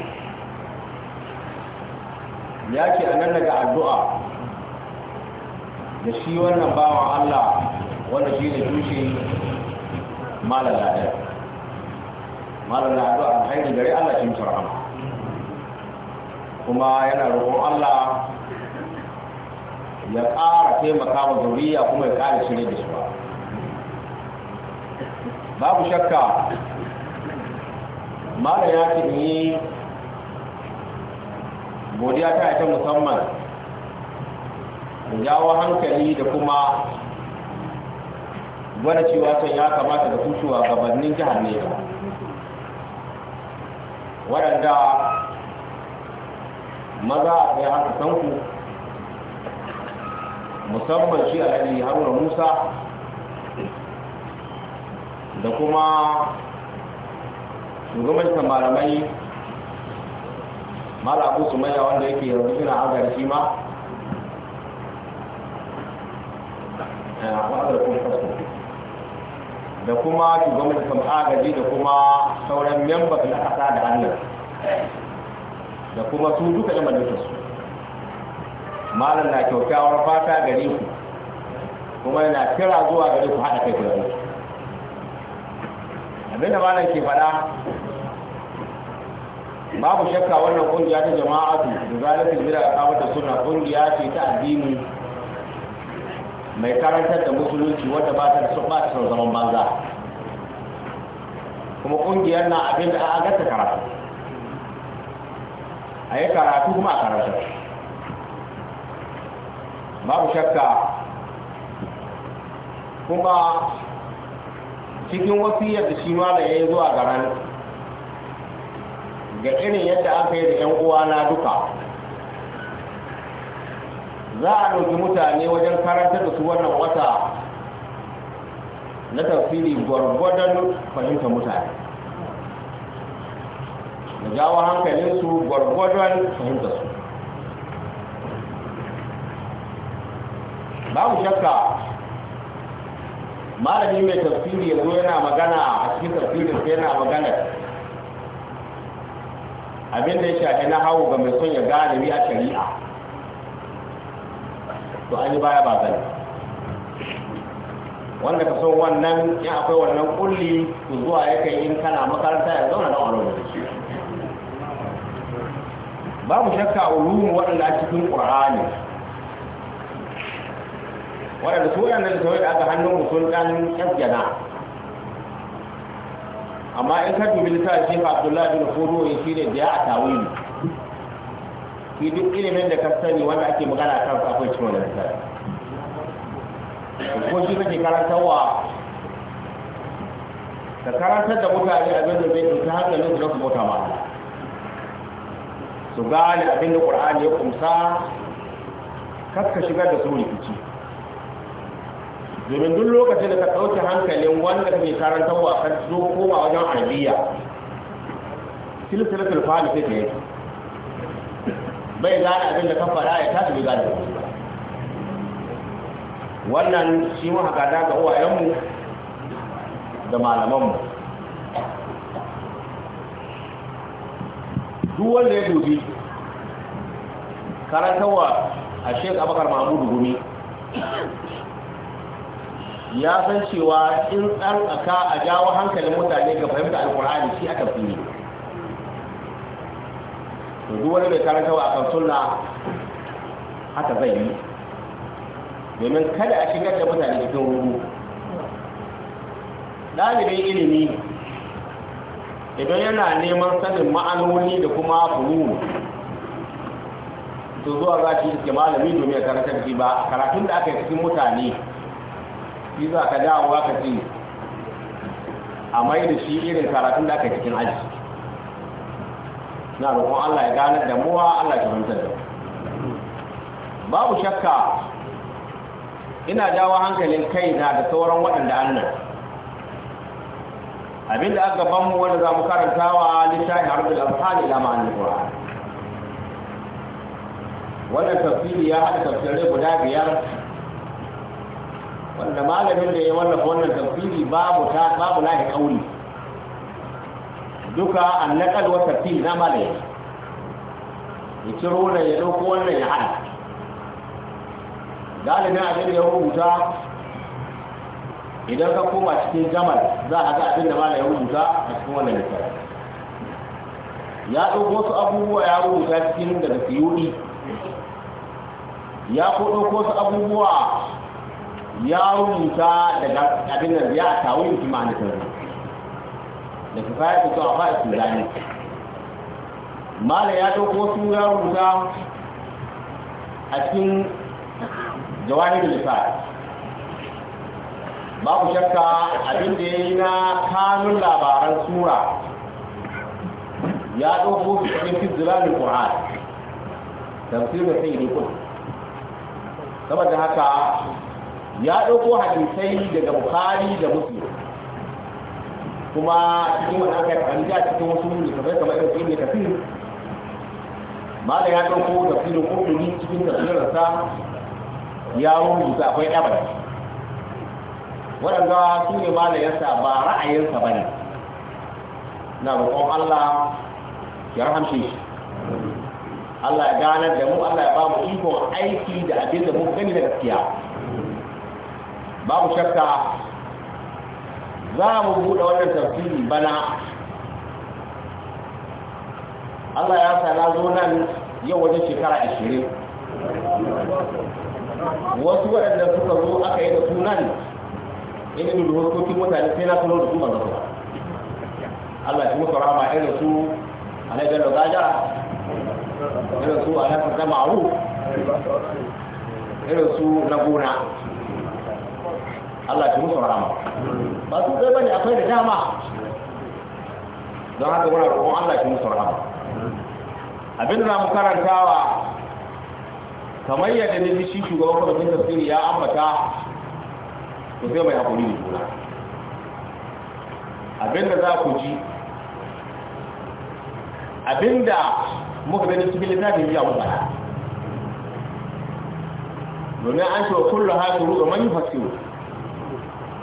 ya ce a nan daga addu'a da shi wannan bawan Allah wanda shi ne tushe malar lahiyar malar a alhaini gari Allah cin mutu kuma yana roƙon Allah ya ƙara taimaka wa zuriya kuma ya ƙara shirye da shi babu shakka malar ya ni godiya ta ita musamman jawo hankali da kuma gwada cewa can ya kamata da kushewa gabanin jihar ne waɗanda maza a tsaye haka sanku musamman shi alhaji haruna musa da kuma shugabancin malamai malabu su maya wanda yake yanzu suna agarci ma da kuma shugaban da kan agaji da kuma sauran da na kasa da annan da kuma su duka da su malam na kyaukyawar fata gare ku kuma yana kira zuwa gare ku haɗa kai guda abin da malam ke faɗa babu shakka wannan kungiya ta jama'atu da zalatin jira a kawata suna kungiya ce ta addini mai karantar da musulunci wadda ba ta so son zaman banza kuma kungiyar na abin da a gata karatu a yi karatu kuma a karantar babu shakka kuma cikin wasu yadda shi mala ya yi zuwa garan ga irin yadda aka yi da 'yan uwana duka za a ɗauki mutane wajen karantar da su wannan wata na tafili gwargwadon fahimtar mutane da jawo hankalinsu gwargwadon fahimtar su babu shakka malami mai tafili ya zo yana magana a cikin tafsirin sai yana magana abinda ya shafi na hau ga mai son ya gane a shari'a to an yi baya ba zai wanda ka son wannan ya akwai wannan kulli ku zuwa ya kai in kana makaranta ya zauna da wani Ba babu shakka ulumu waɗanda a cikin ƙur'ani waɗanda su waɗanda da da aka hannun musul ɗan ƙasgana amma in ka dubi shi fa abdullahi bin ya shi ne da ya a tawili shi duk ilimin da ka sani wanda ake magana kan akwai cikin wannan littafi ko shi kake karantarwa ka karantar da mutane abin da zai ɗauki hankalin su na su mota ma. su gane abin da ƙur'ani ya kumsa kaska shigar da su rikici domin duk lokacin da ka ɗauki hankalin wanda kake karantarwa ka zo koma wajen arabiya silsilatul fa'al sai ta yake bai gane abin da ka faɗa ya tashi bai gane wannan shi mu haka da ga uwayenmu da malamanmu duk wanda ya dubi karantarwa a shek abakar mahmudu gumi ya san cewa in tsarkaka a jawo hankalin mutane ga fahimta alkur'ani shi aka fi ne to duk wani mai wa akan sunna haka zai yi domin kada a shigar da mutane cikin rubu ɗalibin ilimi idan yana neman sanin ma'anoni da kuma furu to zuwa za ki iske malami domin ya karanta shi ba karatun da aka yi cikin mutane shi za ka dawo ka ce a mai da shi irin karatun da aka yi cikin aji na roƙon Allah ya ganar da muwa Allah ya fahimtar da babu shakka ina jawo hankalin kai na da sauran waɗanda annan abinda aka gaban mu wanda za mu karantawa littafin da amsal ila ma'anil qur'an wannan tafsiri ya haɗa tafsirai guda biyar wanda malamin da ya wallafa wannan tafsiri babu ta babu lahi kauli duka annakal wa tafsir na malai ya ciro da ya ɗauko wannan ya hana. galibin abin da ya rubuta idan ka koma cikin jamal za a ga abin da malai ya rubuta a cikin wannan littafi ya ɗauko wasu abubuwa ya rubuta cikin daga siyudi ya ko ɗauko wasu abubuwa ya rubuta daga abin da ya tawo yimani tare da su kaya fito a fa'a su zane mala ya ɗauko su ya rubuta a cikin jawani da ba ku shakka abin da ya yi na kanun labaran sura ya ɗauko su cikin fizilalin tafsir da sai ne saboda haka ya ɗauko hadisai daga bukhari da muslim kuma cikin wani aka yi fahimta cikin wasu littafai kamar irin su ibn kafir da ya ɗauko tafsirin kurkuri cikin sa ya rubuta akwai ɗabar waɗanda su ne mala da yasa ba ra'ayinsa ba ne na roƙon allah ya rahamshe shi allah ya gane da mu allah ya ba mu ikon aiki da abin da mu gani da gaskiya babu shakka za mu buɗe wannan tafsiri bana Allah ya sa na zo nan yau wajen shekara 20 wasu waɗanda suka zo aka yi da sunan inda da hukukin mutane sai na tuno da su ban zuwa Allah ya musu rama irin su a alaikin da gajara irin su a alaikin da maru irin su na gona Allah ya musu rama ba su zai bane akwai da dama don haka muna roƙon Allah shi musu rahama abin da za mu karantawa kamar yadda ne shi shugaban kwamitin tafsiri ya ambata ku sai mai hakuri da juna abin da za ku ji abin da muka gani cikin littafin ya mutane domin an ce wa kullum haka ruga manyan fasiru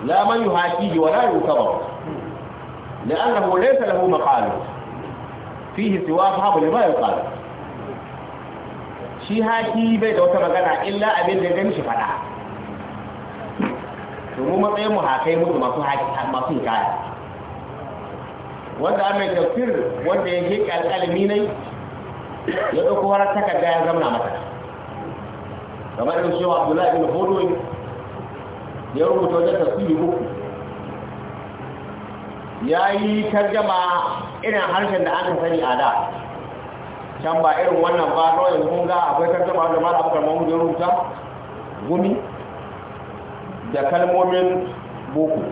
لا من يهاجيه ولا ينكره لأنه ليس له مقال فيه سوى أصحاب لما يقال shi haki bai da wata magana illa abin da gani shi fada domin matsayin mu hakai mutu masu haki masu hikaya wanda an mai tafsir wanda ya je alƙalami ne ya ɗauko wani takarda ya zama mata kamar irin abdullahi ya rubuta wajen tafsiri uku ya yi tarjama irin harshen da aka sani a da can ba irin wannan ba yanzu kun ga akwai tarjama da mara abokan mamu ya rubuta gumi da kalmomin boko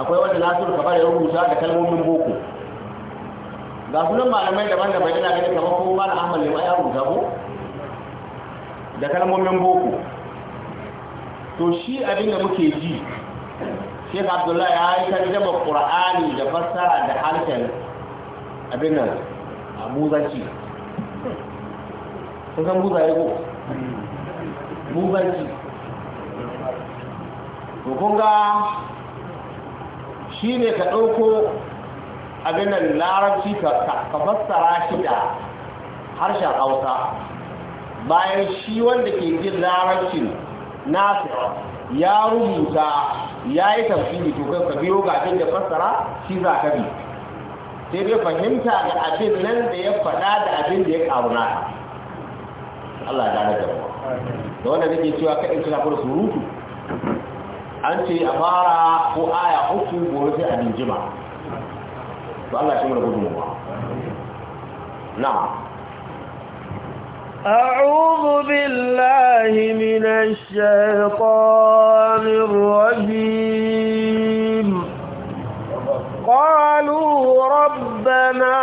akwai wanda nasiru kabar ya rubuta da kalmomin boko ga sunan malamai daban-daban yana ganin kamar kuma ba na ahmad ya rubuta ko da kalmomin boko to shi abin da muke ji Sheikh Abdullah ya yi tarjama Qur'ani da fassara da harshen abin nan a muzanci sun san muza ya ko muzanci to kun ga shi ne ka ɗauko abin nan larabci ka fassara shi da harshen hausa bayan shi wanda ke jin larabcin nafi'a ya rubuta ya yi tafsiri to kai ka biyo ga abin da fassara shi za ka bi sai dai fahimta da abin nan da ya faɗa da abin da ya ƙaruna Allah ya da mu da wanda nake cewa kaɗin suna kuma surutu an ce a fara ko aya uku gobe sai a jinjima to Allah shi mana gudunmuwa na'am أعوذ بالله من الشيطان الرجيم قالوا ربنا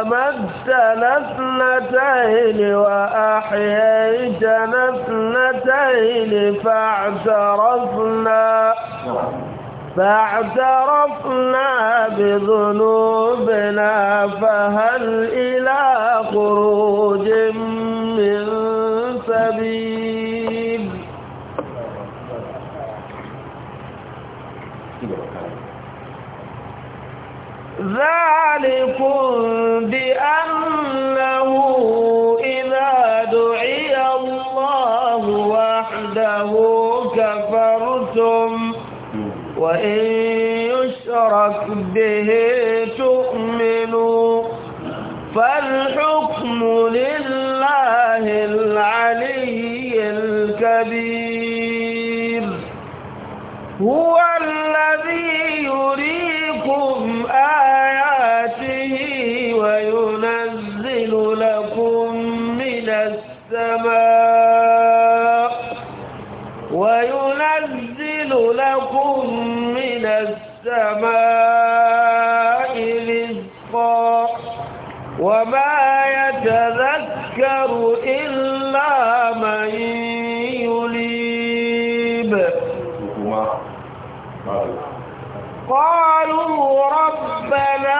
أمدتنا اثنتين وأحييتنا اثنتين فاعترفنا فاعترفنا بذنوبنا فهل إلى خروج من سبيل ذلك بأنه إذا دعي الله وحده كفرتم وإن يشرك به تؤمنوا فالحكم لله العلي الكبير هو الذي يريكم آياته وينزل لكم من السماء لكم من السماء رزقا وما يتذكر إلا من يليب قالوا ربنا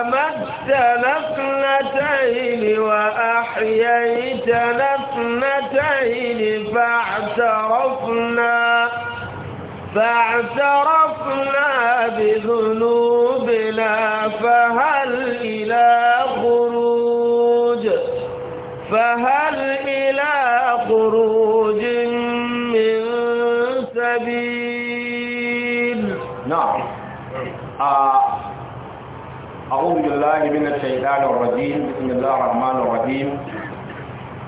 أمتنا اثنتين وأحييتنا اثنتين فاعترفنا فاعترفنا بذنوبنا فهل إلى خروج فهل إلى خروج من سبيل نعم آه، أعوذ بالله من الشيطان الرجيم بسم الله الرحمن الرحيم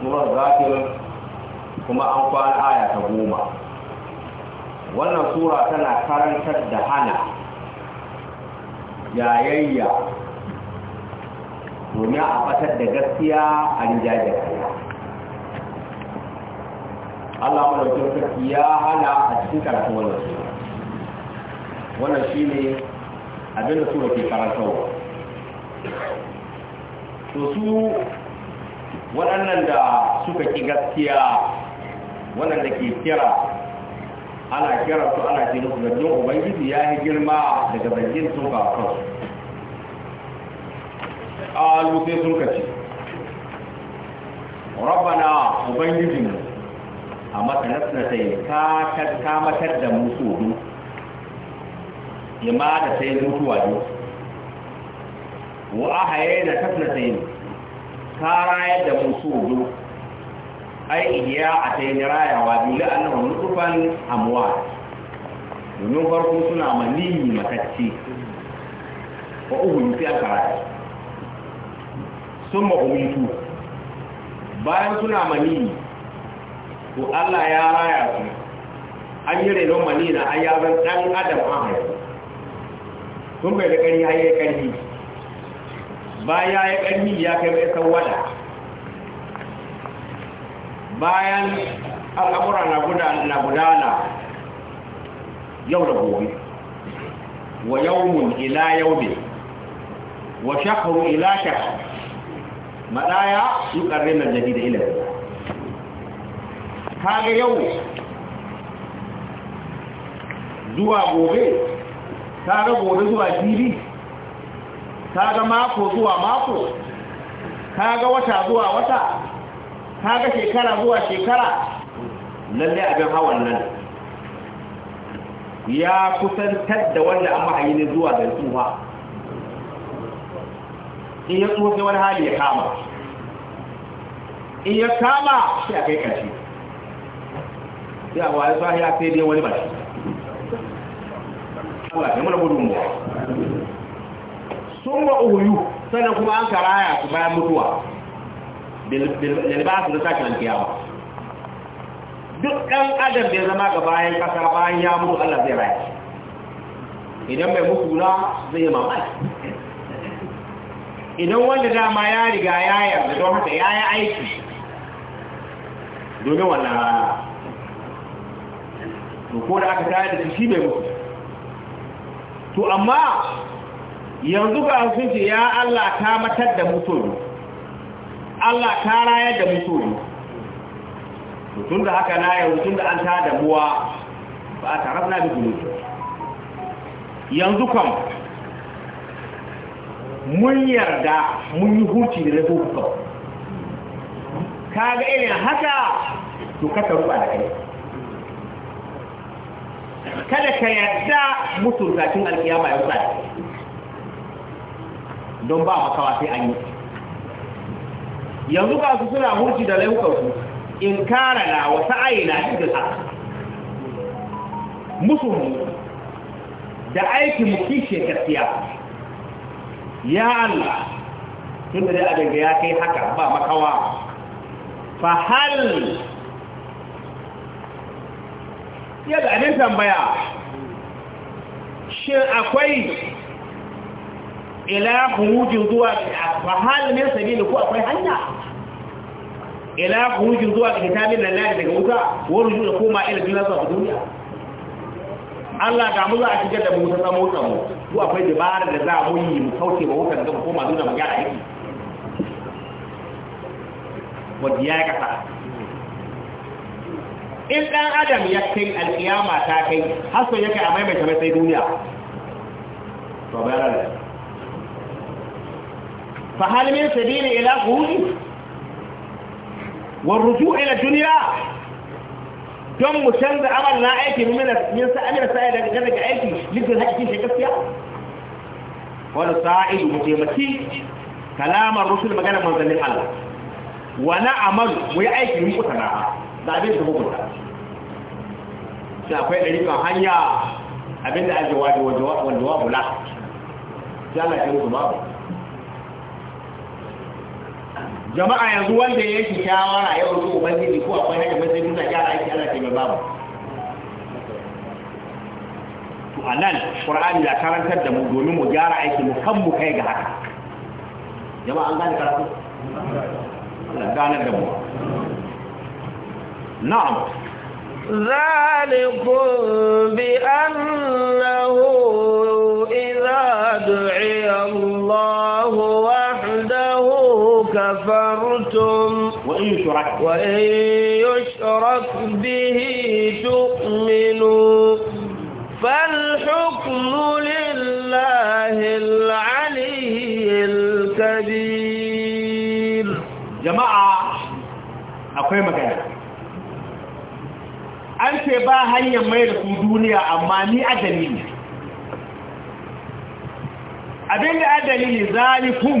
surar zakir kuma an kwana aya ta goma wannan sura tana karantar da hana yayayya domin a fatar da gaskiya a rijajen kaya Allah mulkin sarki ya hana a cikin karatun wannan sura wannan shi ne abinda sura ke karantarwa to su waɗannan da suka ki gaskiya waɗanda ke kira ana kira su ana ce da zargin ubangiji ya yi girma daga zargin sun su a sai sun kace rabbana ubangijin a matanasna sai ka matar da musu hudu ya ma da sai mutuwa ne wa a haye da tasna sai ta rayar da mu zo ai iya a ta yi rayawa bi la'annahu nutfan amwat domin farko suna maniyi matacce wa uhun fi akara sun ma'umitu bayan suna manini, ko Allah ya raya su an yi renon manina an yazan ɗan adam an haifu sun bai da ƙari yi ƙarfi baya ya ƙarni ya kai mai sawwada bayan al'amura na gudana yau da gobe wa yawmun ila yawmin wa shahru ila shahr madaya yuqarrina na jadida ila kaga yau zuwa gobe ta gobe zuwa jibi kaga mako zuwa mako kaga wata zuwa wata kaga shekara zuwa shekara lalle abin hawan nan ya kusantar da wanda an mahayi ne zuwa da tsuwa in ya tsuwa sai wani hali ya kama in ya kama sai a kai kashi sai a waye ya sai dai wani bashi Allah ya muna sun wa uhuyu sannan kuma an karaya su bayan mutuwa da ba su da sakin alkiyama duk ɗan adam da ya zama ga bayan kasar bayan ya mutu allah zai raya idan mai mutu na zai yi mamaki idan wanda dama ya riga ya yarda don haka ya yi aiki domin wannan rana ko da aka tare da shi bai mutu to amma yanzu ba sun ce ya Allah ka matar da mutum Allah ka rayar da mutum da haka na yau mutum da an ta damuwa ba a tarar na bi gudu yanzu kan mun yarda mun yi hurci da rasu kuka ka ga irin haka to ta ruba da kai kada ka yarda mutum zakin alkiyama ya ruba don ba makawa sai an yi yanzu ba su suna hurci da laifukansu in kara na wata aina cikin sa musulmi da aiki mu kishe gaskiya ya Allah tun da dai a ya kai haka ba makawa fa hal yadda abin tambaya shin akwai ila khurujin zuwa fa hal sabili ko akwai hanya ila khurujin zuwa ga kitabin lallahi daga wuta wa ruju da koma ila dunya zuwa duniya Allah ga mu za a shigar da mu ta samu wuta mu ko akwai dabara da za mu yi mu kauce ba wuta da mu koma duniya mu gyara aiki wadda ya kasa in ɗan adam ya kai alƙiyama ta kai haso ya kai a maimaita mai sai duniya to da فهل من سبيل إلى قول والرجوع إلى الدنيا دم مشند أمر لا أيتي من من سأمر سائل جدك أيتي لكن هاي شيء شكل فيها والسائل مجمتي كلام الرسول مجانا مزلل الله وانا عمل ويا ايك يمكن تنا دابين تبوك تنا سأقول لديك هنيا أبين أجواب وجواب والجواب لا جانا يمكن تبوك jama'a yanzu wanda ya yi shawara ya rubu ubangiji ko akwai hanyar matsayin nuna gyara aiki ana mai babu to a nan ƙur'ani ya karantar da mu domin mu gyara aiki mu kan mu kai ga haka jama'a an gane karatu Allah ganar da mu na'am ذلكم بأنه كفرتم وإن يشرك, وإن يشرك به تؤمنوا فالحكم لله العلي الكبير جماعة أقيمك يا أنت با هنيا ميل في دنيا أماني أدنيني أبين أدنيني ذلكم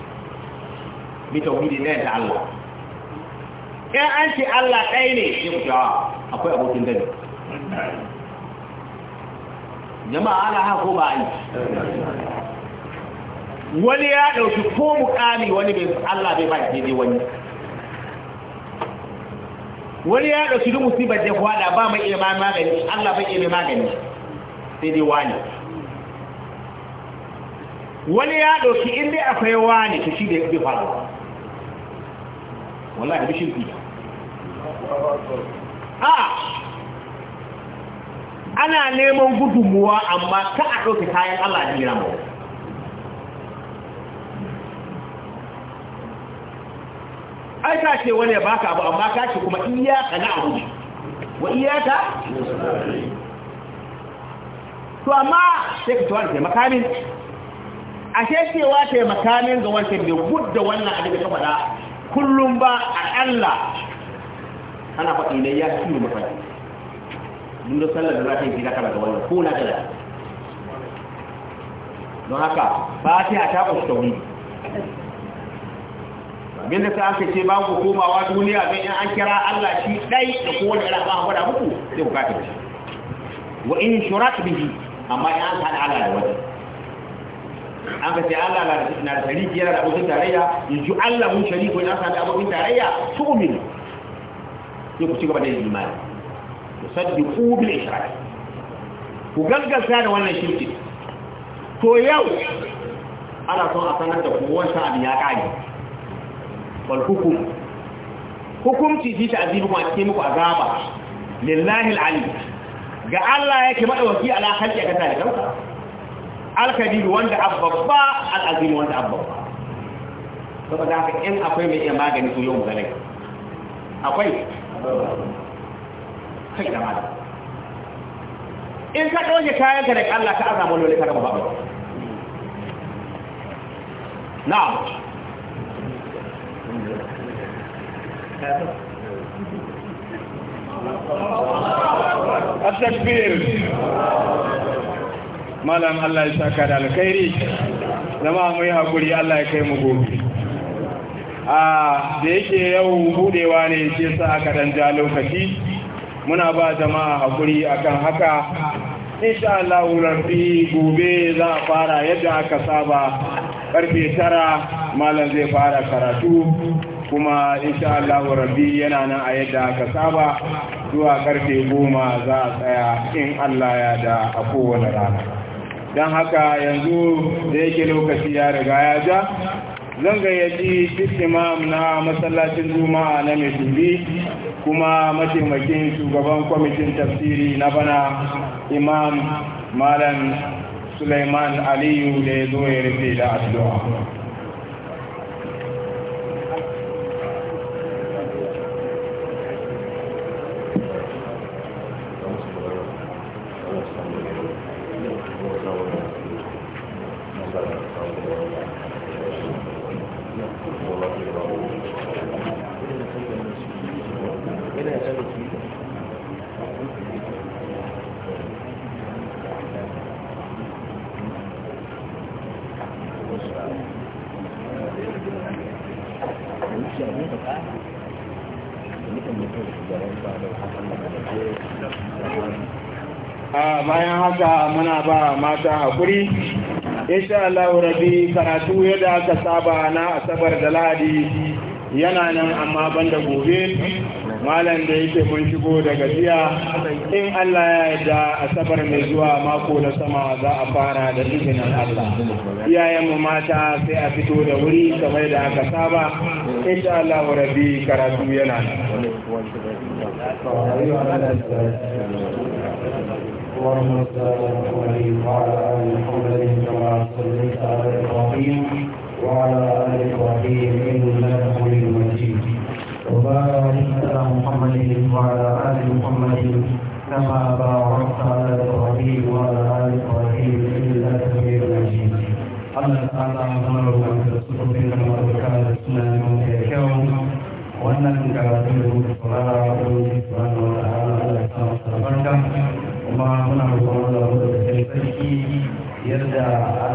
bi tauhidi ɗaya da Allah in an ce Allah ɗaya ne shi kuwa ah, akwai abokin gani jama'a ana haka ko ba a yi wani ya ɗauki ko mukami wani bai Allah bai ba daidai wani wani ya ɗauki duk musibar da kwada ba mai iya magani Allah bai iya magani sai dai wani wani ya ɗauki inda akwai wani shi da ya fi faruwa wallahi da shirki a ana neman gudunmuwa amma ka a ɗauki kayan Allah ne jira mawa ai ka ce wani ya baka abu amma ka ce kuma iyaka na abu ne wa iyaka to amma sai ka tuwa da taimakamin ashe cewa taimakamin ga wancan mai gudda wannan abin da ka faɗa kullum ba a Allah ana faɗi da ya fi mafarki mun da sallar da za ta yi gida kala ga wannan ko na gada don haka ba ta a taɓa su tauni abinda ta aka ce ba ku komawa duniya don in an kira Allah shi ɗai da kowane irin ba gwada muku sai ku kafin shi wa in shurat bihi amma in an haɗa Allah da wajen an ka ce Allah na da na da yana da abokin tarayya yanzu Allah mun ko yana da abokin tarayya su umini sai ku ci gaba da yin imani musaddiqu bil ishrak ku gaggasa da wannan shirki to yau ana son a sanar da ku wancan abin ya kage wal hukum hukumci shi ta azibi kuma ke muku azaba lillahi al ga Allah yake madawaki ala halki ga talikansa alkabir wanda abbabba al'azim wanda abbabba saboda haka in akwai mai iya magani su yau magana akwai kai da mata in ka ɗauke kayan ka daga Allah ka aza wani wani karama babu na'am التكبير malam Allah ya saka da alkhairi zama mu yi hakuri Allah ya kai mu gobe a da yake yau budewa ne ce sa aka dan ja lokaci muna ba jama'a hakuri akan haka insha Allah rabbi gobe za a fara yadda aka saba karfe tara malam zai fara karatu kuma insha Allah rabbi yana nan a yadda aka saba zuwa karfe goma za a tsaya in Allah ya da a kowane rana don haka yanzu da yake lokaci ya riga ya ja zan gayyaci duk imam na masallacin juma'a na mai kuma mataimakin shugaban kwamitin tafsiri na bana imam malam suleiman aliyu da ya zo ya rufe da addu'a hakuri insha Allah rabi karatu yadda aka saba na asabar da lahadi yana nan amma banda gobe malam da yake mun shigo daga jiya in Allah ya yarda asabar mai zuwa mako na sama za a fara da izinin Allah iyayen mu mata sai a fito da wuri kamar da aka saba insha Allah rabi karatu yana nan اللهم صل على محمد وعلى ال محمد كما صليت على ابراهيم وعلى ال ابراهيم انك حميد مجيد وبارك على محمد وعلى ال محمد كما باركت على ابراهيم وعلى ال ابراهيم انك حميد مجيد Allah ta'ala memerlukan sesuatu yang merupakan sunnah yang kekal, wanang kalau dulu sekolah yadda uh,